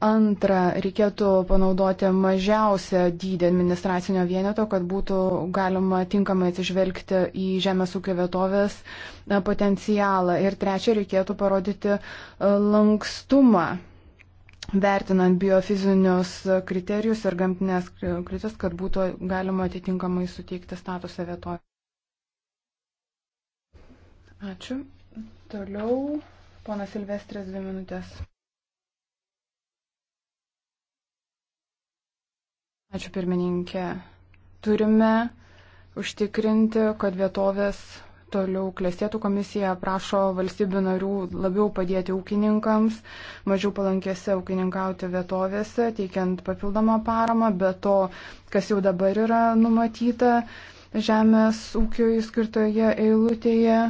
Antra, reikėtų panaudoti mažiausią dydį administracinio vieneto, kad būtų galima tinkamai atsižvelgti į žemės ūkio vietovės potencialą. Ir trečia, reikėtų parodyti lankstumą vertinant biofizinius kriterijus ir gamtinės kliūtis, kad būtų galima atitinkamai suteikti statusą vietoje. Ačiū. Toliau ponas Silvestris dvi minutės. Ačiū pirmininkė. Turime užtikrinti, kad vietovės toliau klestėtų komisija prašo valstybių narių labiau padėti ūkininkams, mažiau palankėse ūkininkauti vietovėse, teikiant papildomą paramą, be to, kas jau dabar yra numatyta žemės ūkioj skirtoje eilutėje.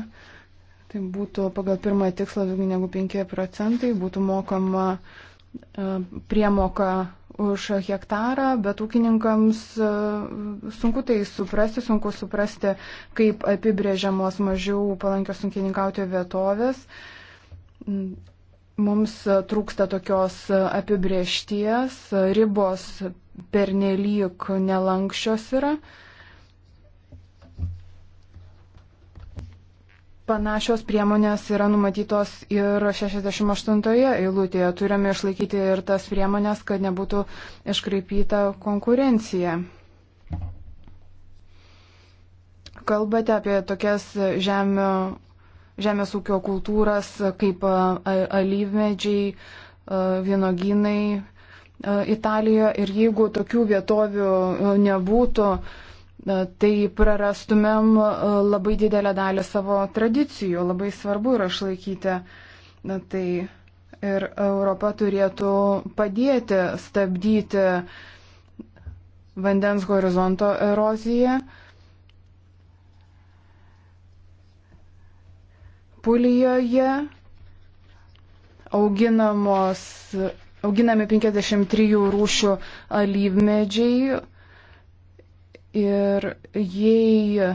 Tai būtų pagal pirmą tikslą daugiau negu 5 procentai, būtų mokama e, priemoka už hektarą, bet ūkininkams e, sunku tai suprasti, sunku suprasti, kaip apibrėžiamos mažiau palankios ūkininkauti vietovės. Mums trūksta tokios apibriešties, ribos pernelyg nelankščios yra. Panašios priemonės yra numatytos ir 68 eilutėje. Turime išlaikyti ir tas priemonės, kad nebūtų iškreipyta konkurencija. Kalbate apie tokias žemio, žemės ūkio kultūras kaip alyvmedžiai, vynoginai Italijoje ir jeigu tokių vietovių nebūtų, tai prarastumėm e, labai didelę dalį savo tradicijų. Labai svarbu yra išlaikyti na, tai. Ir Europa turėtų padėti stabdyti vandens horizonto eroziją. Pulijoje auginamos, auginami 53 rūšių alyvmedžiai, Ir jei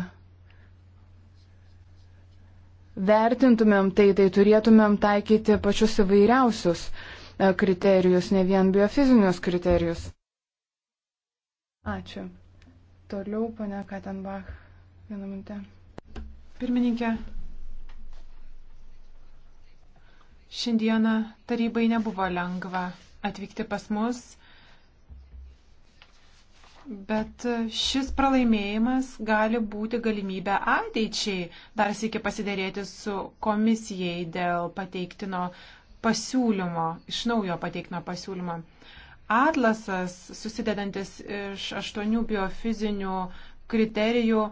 vertintumėm tai, tai turėtumėm taikyti pačius įvairiausius e, kriterijus, ne vien biofizinius kriterijus. Ačiū. Toliau, pane Katenbach, vieną minutę. Pirmininkė, šiandieną tarybai nebuvo lengva atvykti pas mus Bet e, šis pralaimėjimas gali būti galimybė ateičiai dar sėki pasidėrėti su komisijai dėl pateiktino pasiūlymo, iš naujo pateiktino pasiūlymo. Atlasas, susidedantis iš aštuonių biofizinių kriterijų,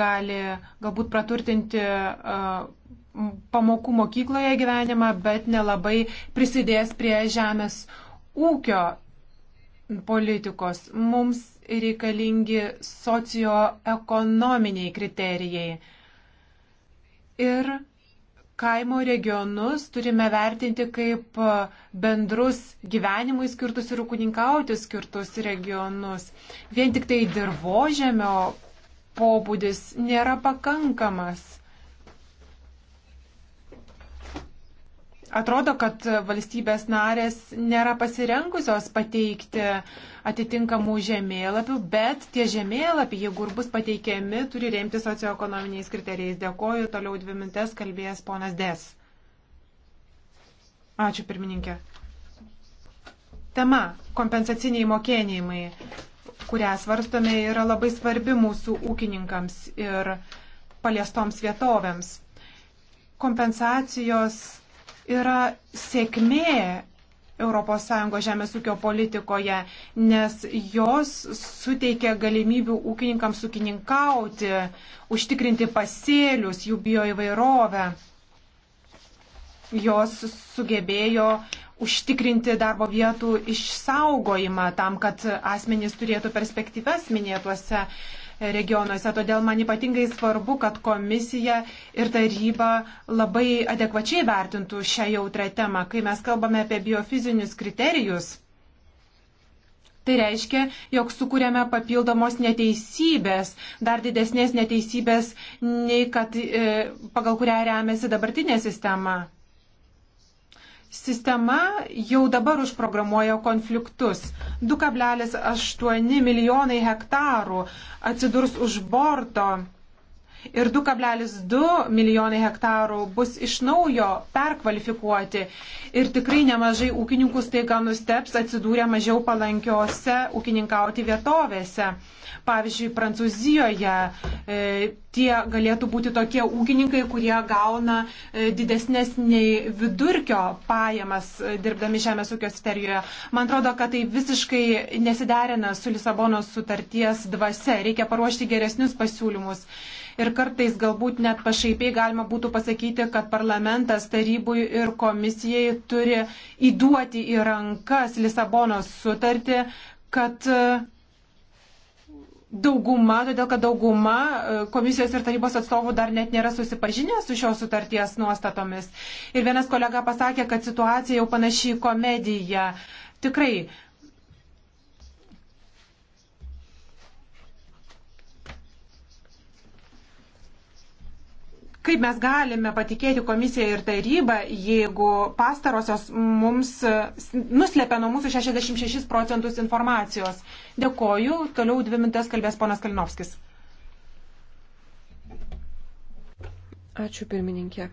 gali galbūt praturtinti uh, pamokų mokykloje gyvenimą, bet nelabai prisidės prie žemės ūkio politikos. Mums reikalingi socioekonominiai kriterijai. Ir kaimo regionus turime vertinti kaip bendrus gyvenimui skirtus ir ūkininkauti skirtus regionus. Vien tik tai dirbožėmio pobūdis nėra pakankamas. atrodo, kad valstybės narės nėra pasirengusios pateikti atitinkamų žemėlapių, bet tie žemėlapiai, jeigu ir bus pateikiami, turi remti socioekonominiais kriterijais. Dėkoju, toliau dvi mintes kalbės ponas Des. Ačiū, pirmininkė. Tema - kompensaciniai mokėjimai, kurią svarstome, yra labai svarbi mūsų ūkininkams ir paliestoms vietovėms kompensacijos yra sėkmė ES žemės ūkio politikoje, nes jos suteikia galimybių ūkininkams ūkininkauti, užtikrinti pasėlius, jų bioįvairovę. Jos sugebėjo užtikrinti darbo vietų išsaugojimą tam, kad asmenys turėtų perspektyves minėtuose regionuose. Todėl man ypatingai svarbu, kad komisija ir taryba labai adekvačiai vertintų šią jautrę temą. Kai mes kalbame apie biofizinius kriterijus, tai reiškia, jog sukūrėme papildomos neteisybės, dar didesnės neteisybės, nei kad, e, pagal kurią remiasi dabartinė sistema. Sistema jau dabar užprogramuoja konfliktus. 2,8 milijonai hektarų atsidurs už borto ir 2,2 milijonai hektarų bus iš naujo perkvalifikuoti. Ir tikrai nemažai ūkininkų staiga nusteps atsidūrė mažiau palankiose ūkininkauti vietovėse. Pavyzdžiui, Prancūzijoje e, tie galėtų būti tokie ūkininkai, kurie gauna e, didesnės nei vidurkio pajamas e, dirbdami žemės ūkio sterijoje. Man atrodo, kad tai visiškai nesiderina su Lisabonos sutarties dvasia. Reikia paruošti geresnius pasiūlymus. E, ir kartais galbūt net pašaipiai galima būtų pasakyti, kad parlamentas tarybui ir komisijai turi įduoti į rankas Lisabonos sutartį, kad e, dauguma, todėl kad dauguma e, komisijos ir tarybos atstovų dar net nėra susipažinę su šios sutarties nuostatomis. Ir vienas kolega pasakė, kad situacija jau panašiai komedija. Tikrai, Kaip mes galime patikėti komisiją ir tarybą, jeigu pastarosios mums nuslepia nuo mūsų 66 procentus informacijos? Dėkoju. Toliau dvi mintes kalbės ponas Kalinovskis. Ačiū pirmininkė.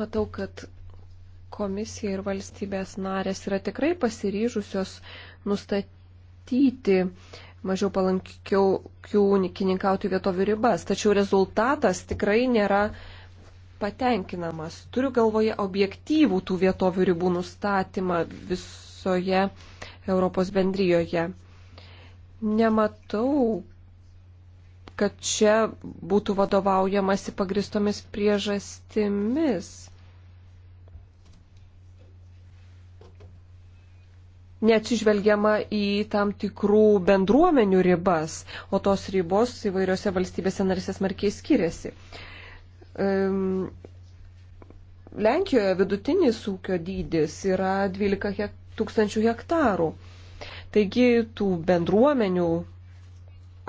Matau, kad komisija ir valstybės narės yra tikrai pasiryžusios nustatyti mažiau palankiau ūkininkauti vietovių ribas, tačiau rezultatas tikrai nėra patenkinamas. Turiu galvoje objektyvų tų vietovių ribų nustatymą visoje Europos bendryjoje. Nematau, kad čia būtų vadovaujamasi pagristomis priežastimis. neatsižvelgiama į tam tikrų bendruomenių ribas, o tos ribos įvairiose valstybėse narėse smarkiai skiriasi. Um, Lenkijoje vidutinis ūkio dydis yra 12 hek tūkstančių hektarų. Taigi tų bendruomenių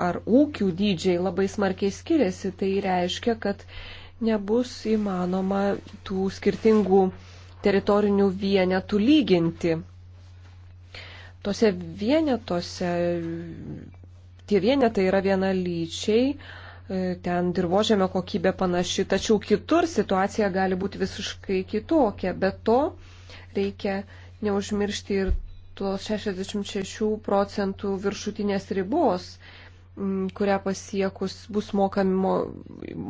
ar ūkių dydžiai labai smarkiai skiriasi. Tai reiškia, kad nebus įmanoma tų skirtingų teritorinių vienetų lyginti. Tose vienetose, tie vienetai yra vienalyčiai, e, ten dirbožėmio kokybė panaši, tačiau kitur situacija gali būti visiškai kitokia. Be to reikia neužmiršti ir tos 66 procentų viršutinės ribos, kurią pasiekus bus mokamo,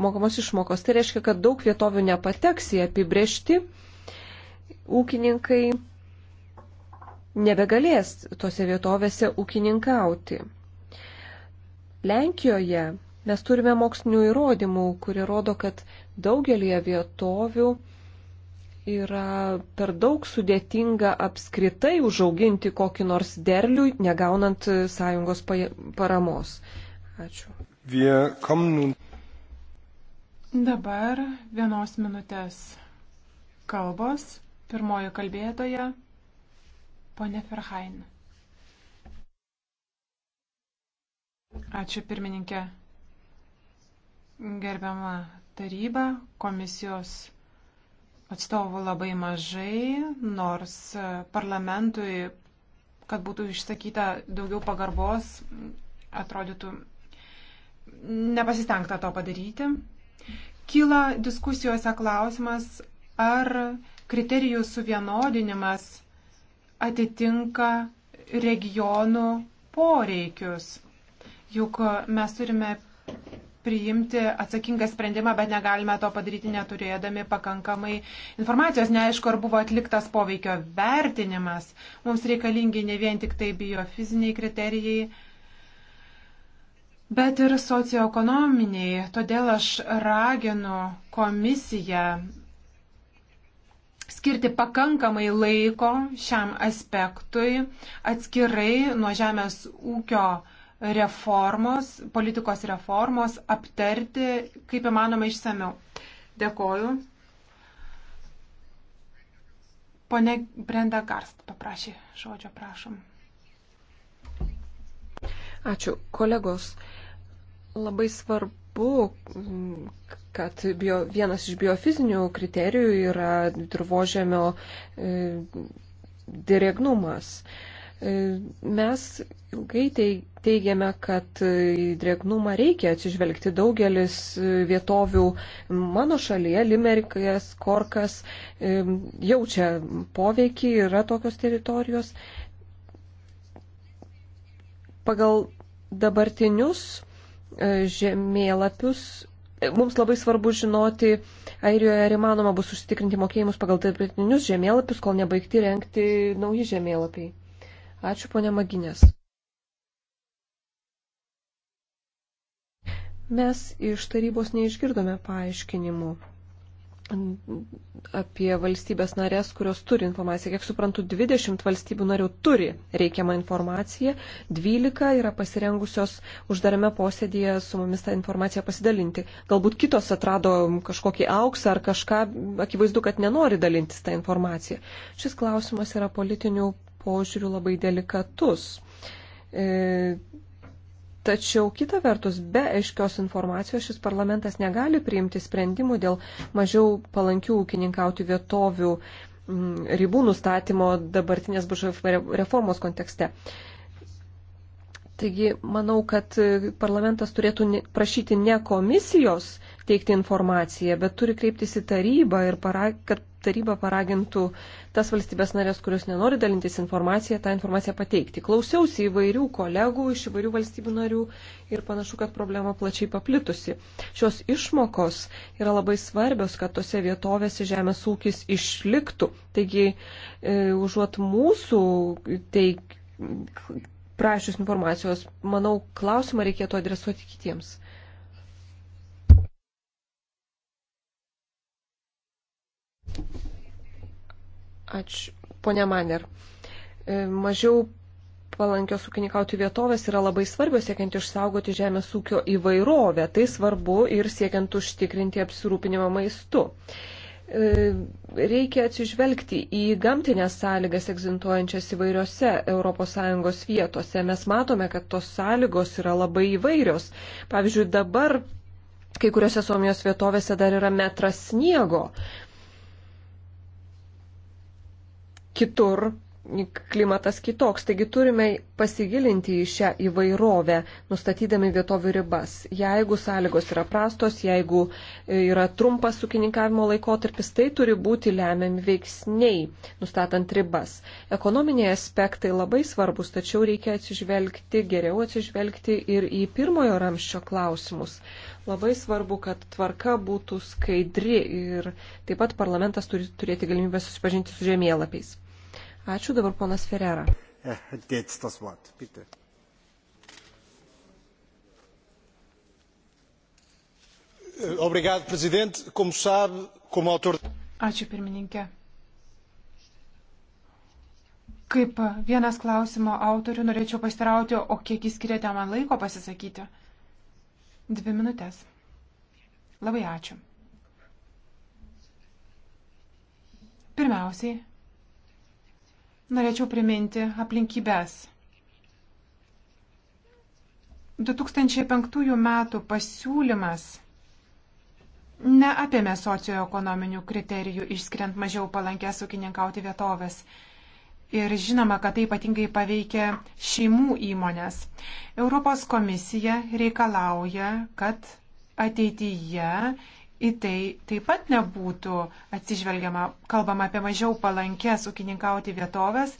mokamos išmokos. Tai reiškia, kad daug vietovių nepateks į apibriešti. Ūkininkai nebegalės tose vietovėse ūkininkauti. Lenkijoje mes turime mokslinių įrodymų, kurie rodo, kad daugelie vietovių yra per daug sudėtinga apskritai užauginti kokį nors derlių, negaunant sąjungos paramos. Ačiū. Dabar vienos minutės kalbos. Pirmoji kalbėtoja Pone Ferhain. Ačiū pirmininkė. Gerbiama taryba, komisijos atstovų labai mažai, nors parlamentui, kad būtų išsakyta daugiau pagarbos, atrodytų nepasistengta to padaryti. Kyla diskusijose klausimas, ar kriterijų suvienodinimas atitinka regionų poreikius. Juk mes turime priimti atsakingą sprendimą, bet negalime to padaryti neturėdami pakankamai informacijos. Neaišku, ar buvo atliktas poveikio vertinimas. Mums reikalingi ne vien tik tai biofiziniai kriterijai, bet ir socioekonominiai. Todėl aš raginu komisiją skirti pakankamai laiko šiam aspektui atskirai nuo žemės ūkio reformos, politikos reformos aptarti, kaip įmanoma, išsameu. Dėkoju. Pone Brenda Garst paprašė žodžio, prašom. Ačiū, kolegos. Labai svarbu svarbu, kad bio, vienas iš biofizinių kriterijų yra dirbožėmio e, drėgnumas. E, mes ilgai teigiame, kad į drėgnumą reikia atsižvelgti daugelis e, vietovių mano šalyje, Limerikas, Korkas, e, jaučia poveikį, yra tokios teritorijos. Pagal dabartinius E, žemėlapius. E, mums labai svarbu žinoti, Airijoje ar įmanoma bus užsitikrinti mokėjimus pagal tarptautinius žemėlapius, kol nebaigti renkti nauji žemėlapiai. Ačiū, ponia Maginės. Mes iš tarybos neišgirdome paaiškinimų apie valstybės narės, kurios turi informaciją. Kiek suprantu, 20 valstybių narių turi reikiamą informaciją, 12 yra pasirengusios uždarame posėdėje su mumis tą informaciją pasidalinti. Galbūt kitos atrado kažkokį auksą ar kažką, akivaizdu, kad nenori dalintis tą informaciją. Šis klausimas yra politinių požiūrių labai delikatus. E, Tačiau kita vertus, be aiškios informacijos šis parlamentas negali priimti sprendimų dėl mažiau palankių ūkininkauti vietovių mm, ribų nustatymo dabartinės BŽF reformos kontekste. Taigi, manau, kad e, parlamentas turėtų prašyti ne komisijos teikti informaciją, bet turi kreiptis į tarybą ir para, kad taryba paragintų tas valstybės narės, kurios nenori dalintis informaciją, tą informaciją pateikti. Klausiausi įvairių kolegų iš įvairių valstybių narių ir panašu, kad problema plačiai paplitusi. Šios išmokos yra labai svarbios, kad tose vietovėse žemės ūkis išliktų. Taigi, e, užuot mūsų teik, prašius informacijos, manau, klausimą reikėtų adresuoti kitiems. Ačiū, ponia Maner. E, mažiau palankios ūkininkauti vietovės yra labai svarbios siekiant išsaugoti žemės ūkio įvairovę. Tai svarbu ir siekiant užtikrinti apsirūpinimą maistu. E, reikia atsižvelgti į gamtinės sąlygas egzintuojančias įvairiose ES vietose. Mes matome, kad tos sąlygos yra labai įvairios. Pavyzdžiui, dabar kai kuriuose Suomijos vietovėse dar yra metras sniego kitur klimatas kitoks. Taigi turime pasigilinti į šią įvairovę, nustatydami vietovių ribas. Jeigu sąlygos yra prastos, jeigu e, yra trumpas sukininkavimo laikotarpis, tai turi būti lemiami veiksniai, nustatant ribas. Ekonominiai aspektai labai svarbus, tačiau reikia atsižvelgti, geriau atsižvelgti ir į pirmojo ramščio klausimus. Labai svarbu, kad tvarka būtų skaidri ir taip pat parlamentas turi turėti galimybę susipažinti su žemėlapiais. Ačiū dabar ponas Ferrera. Eh, eh, obrigado, presidente. Como sabe, como autor. Ačiū pirmininkė. Kaip vienas klausimo autorių norėčiau pasirauti, o kiek įskiriate man laiko pasisakyti? Dvi minutės. Labai ačiū. Pirmiausiai, Norėčiau priminti aplinkybės. 2005 metų pasiūlymas neapėmė socioekonominių kriterijų išskiriant mažiau palankės ūkininkauti vietovės. Ir žinoma, kad tai ypatingai paveikia šeimų įmonės. Europos komisija reikalauja, kad ateityje į tai taip pat nebūtų atsižvelgiama, kalbama apie mažiau palankės ūkininkauti vietovės,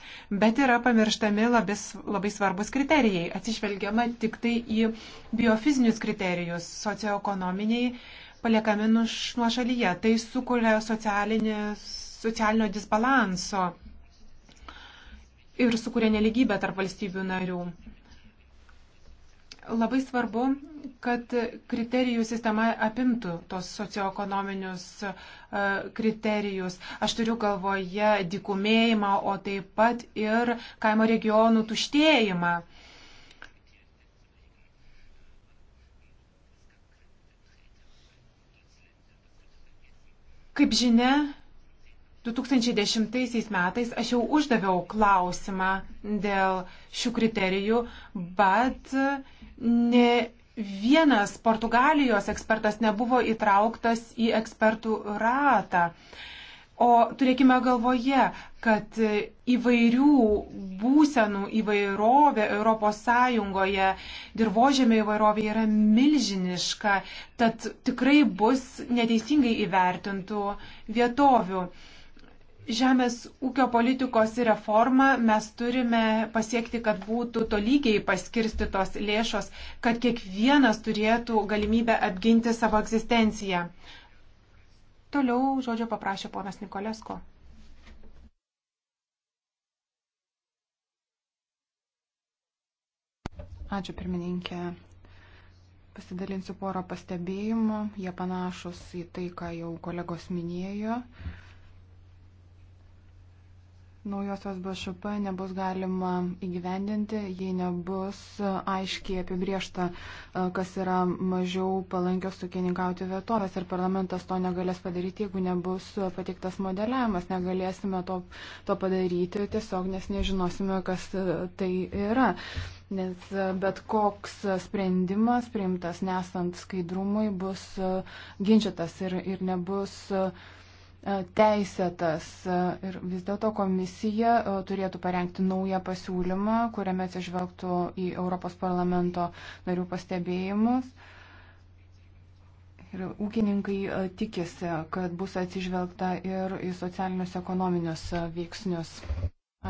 bet yra pamirštami labai, labai svarbus kriterijai. Atsižvelgiama tik tai į biofizinius kriterijus, socioekonominiai paliekami nuošalyje. Tai sukuria socialinio disbalanso ir sukuria neligybę tarp valstybių narių labai svarbu, kad kriterijų sistema apimtų tos socioekonominius e, kriterijus. Aš turiu galvoje dikumėjimą, o taip pat ir kaimo regionų tuštėjimą. Kaip žinia, 2010 metais aš jau uždaviau klausimą dėl šių kriterijų, bet uh, ne vienas Portugalijos ekspertas nebuvo įtrauktas į ekspertų ratą. O turėkime galvoje, kad įvairių būsenų įvairovė Europos Sąjungoje, dirbožėmė įvairovė yra milžiniška, tad tikrai bus neteisingai įvertintų vietovių žemės ūkio politikos reformą mes turime pasiekti, kad būtų tolygiai paskirstytos lėšos, kad kiekvienas turėtų galimybę apginti savo egzistenciją. Toliau žodžio paprašė ponas Nikolesko. Ačiū pirmininkė. Pasidalinsiu porą pastebėjimų. Jie panašus į tai, ką jau kolegos minėjo. Uh, naujosios BŠP nebus galima įgyvendinti, jei nebus aiškiai apibriešta, e, kas yra mažiau palankios sukininkauti vietovės ir parlamentas to negalės padaryti, jeigu nebus patiktas modeliavimas, negalėsime to, to padaryti tiesiog, nes nežinosime, kas e, tai yra. Nes e, bet koks sprendimas priimtas nesant skaidrumui bus ginčytas ir, ir nebus uh, E, teisėtas e, ir vis dėlto komisija e, turėtų parengti naują pasiūlymą, kuriame atsižvelgtų į Europos parlamento narių pastebėjimus. Ir ūkininkai tikisi, kad bus atsižvelgta ir į socialinius ekonominius veiksnius.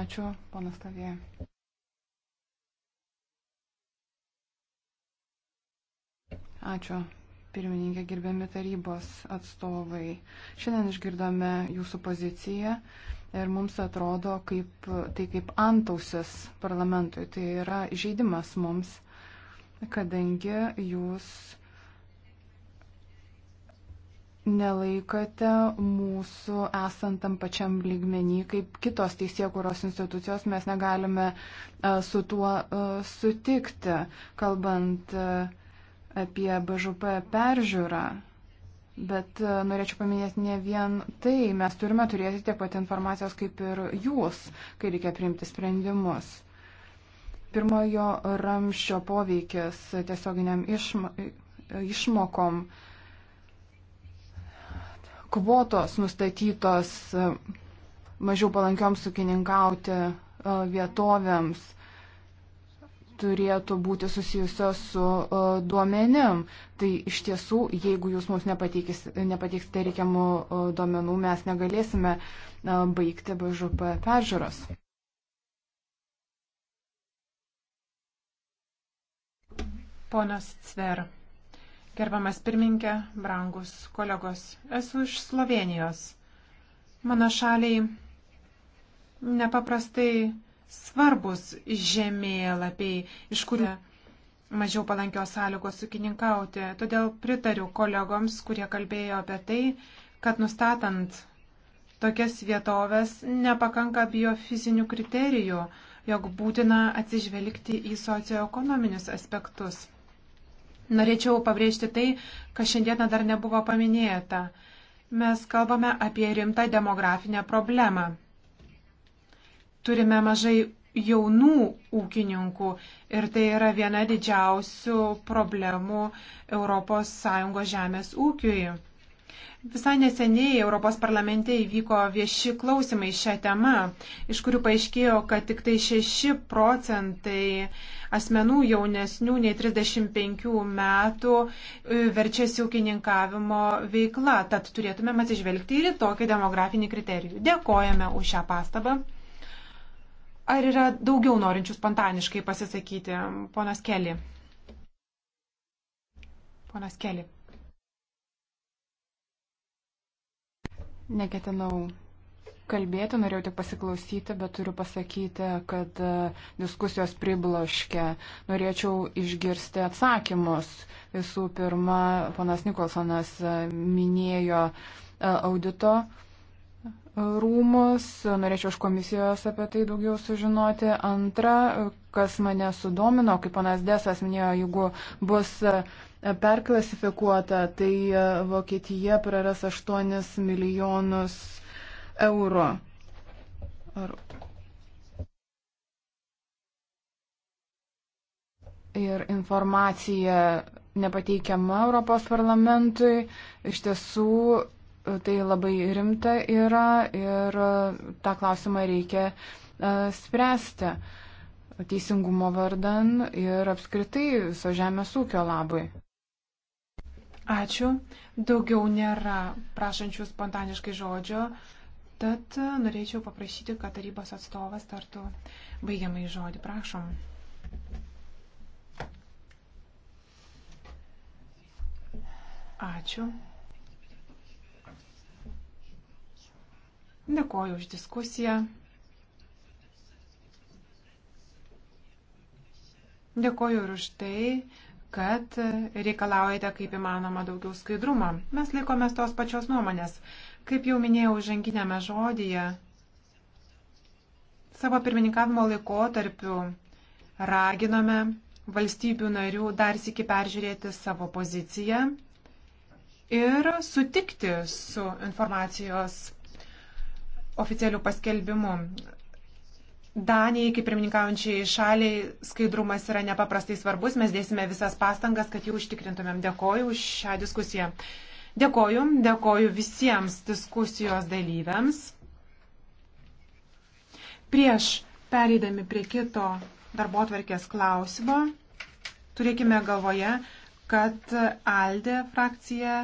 Ačiū, ponas Tavė. Ačiū, pirmininkė, gerbiami tarybos atstovai. Šiandien išgirdome jūsų poziciją ir mums atrodo kaip, tai kaip antausis parlamentui. Tai yra žaidimas mums, kadangi jūs nelaikote mūsų esant tam pačiam lygmenį, kaip kitos teisėkuros institucijos, mes negalime e, su tuo e, sutikti, kalbant e, apie BŽP peržiūrą, bet e, norėčiau paminėti ne vien tai, mes turime turėti tiek pat informacijos kaip ir jūs, kai reikia priimti sprendimus. Pirmojo ramščio poveikis tiesioginiam išmo, išmokom, kvotos nustatytos e, mažiau palankioms sukininkauti e, vietovėms turėtų būti susijusios su e, duomenim. Tai iš tiesų, jeigu jūs mums nepateiksite reikiamų e, duomenų, mes negalėsime e, baigti BŽP peržiūros. Ponas Cver, gerbamas pirmininkė, brangus kolegos, esu iš Slovenijos. Mano šaliai nepaprastai svarbus žemėlapiai, iš kurių mažiau palankios sąlygos sukininkauti. Todėl pritariu kolegoms, kurie kalbėjo apie tai, kad nustatant tokias vietovės nepakanka biofizinių kriterijų, jog būtina atsižvelgti į socioekonominius aspektus. Norėčiau pabrėžti tai, kas šiandieną dar nebuvo paminėta. Mes kalbame apie rimtą demografinę problemą turime mažai jaunų ūkininkų ir tai yra viena didžiausių problemų ES žemės ūkiui. Visai neseniai Europos parlamente įvyko vieši klausimai šią temą, iš kurių paaiškėjo, kad tik tai 6 procentai asmenų jaunesnių nei 35 metų e, verčiasi ūkininkavimo veikla. Tad turėtumėm atsižvelgti ir į tokį demografinį kriterijų. Dėkojame už šią pastabą. Ar yra daugiau norinčių spontaniškai pasisakyti? Ponas Keli. Ponas Keli. Neketinau kalbėti, norėjau tik pasiklausyti, bet turiu pasakyti, kad e, diskusijos pribloškia. Norėčiau išgirsti atsakymus. Visų pirma, ponas Nikolsonas e, minėjo e, audito rūmus. Norėčiau iš komisijos apie tai daugiau sužinoti. Antra, kas mane sudomino, kaip panas Desas minėjo, jeigu bus perklasifikuota, tai Vokietija praras 8 milijonus eurų. Ar... Ir informacija nepateikiama Europos parlamentui. Iš tiesų tai labai rimta yra ir e, tą klausimą reikia e, spręsti teisingumo vardan ir apskritai viso žemės ūkio labui. Ačiū. Daugiau nėra prašančių spontaniškai žodžio, tad e, norėčiau paprašyti, kad tarybos atstovas tartų baigiamai žodį. Prašom. Ačiū. Dėkoju už diskusiją. Dėkoju ir už tai, kad reikalaujate kaip įmanoma daugiau skaidrumo. Mes laikomės tos pačios nuomonės. Kaip jau minėjau žanginėme žodyje, savo pirmininkavimo laikotarpiu raginome valstybių narių dar sėki peržiūrėti savo poziciją ir sutikti su informacijos oficialių paskelbimų. Danijai, kaip pirmininkaujančiai šaliai, skaidrumas yra nepaprastai svarbus. Mes dėsime visas pastangas, kad jį užtikrintumėm. Dėkoju už šią diskusiją. Dėkoju, dėkoju visiems diskusijos dalyviams. Prieš pereidami prie kito darbo atvarkės klausimo, turėkime galvoje, kad ALDE frakcija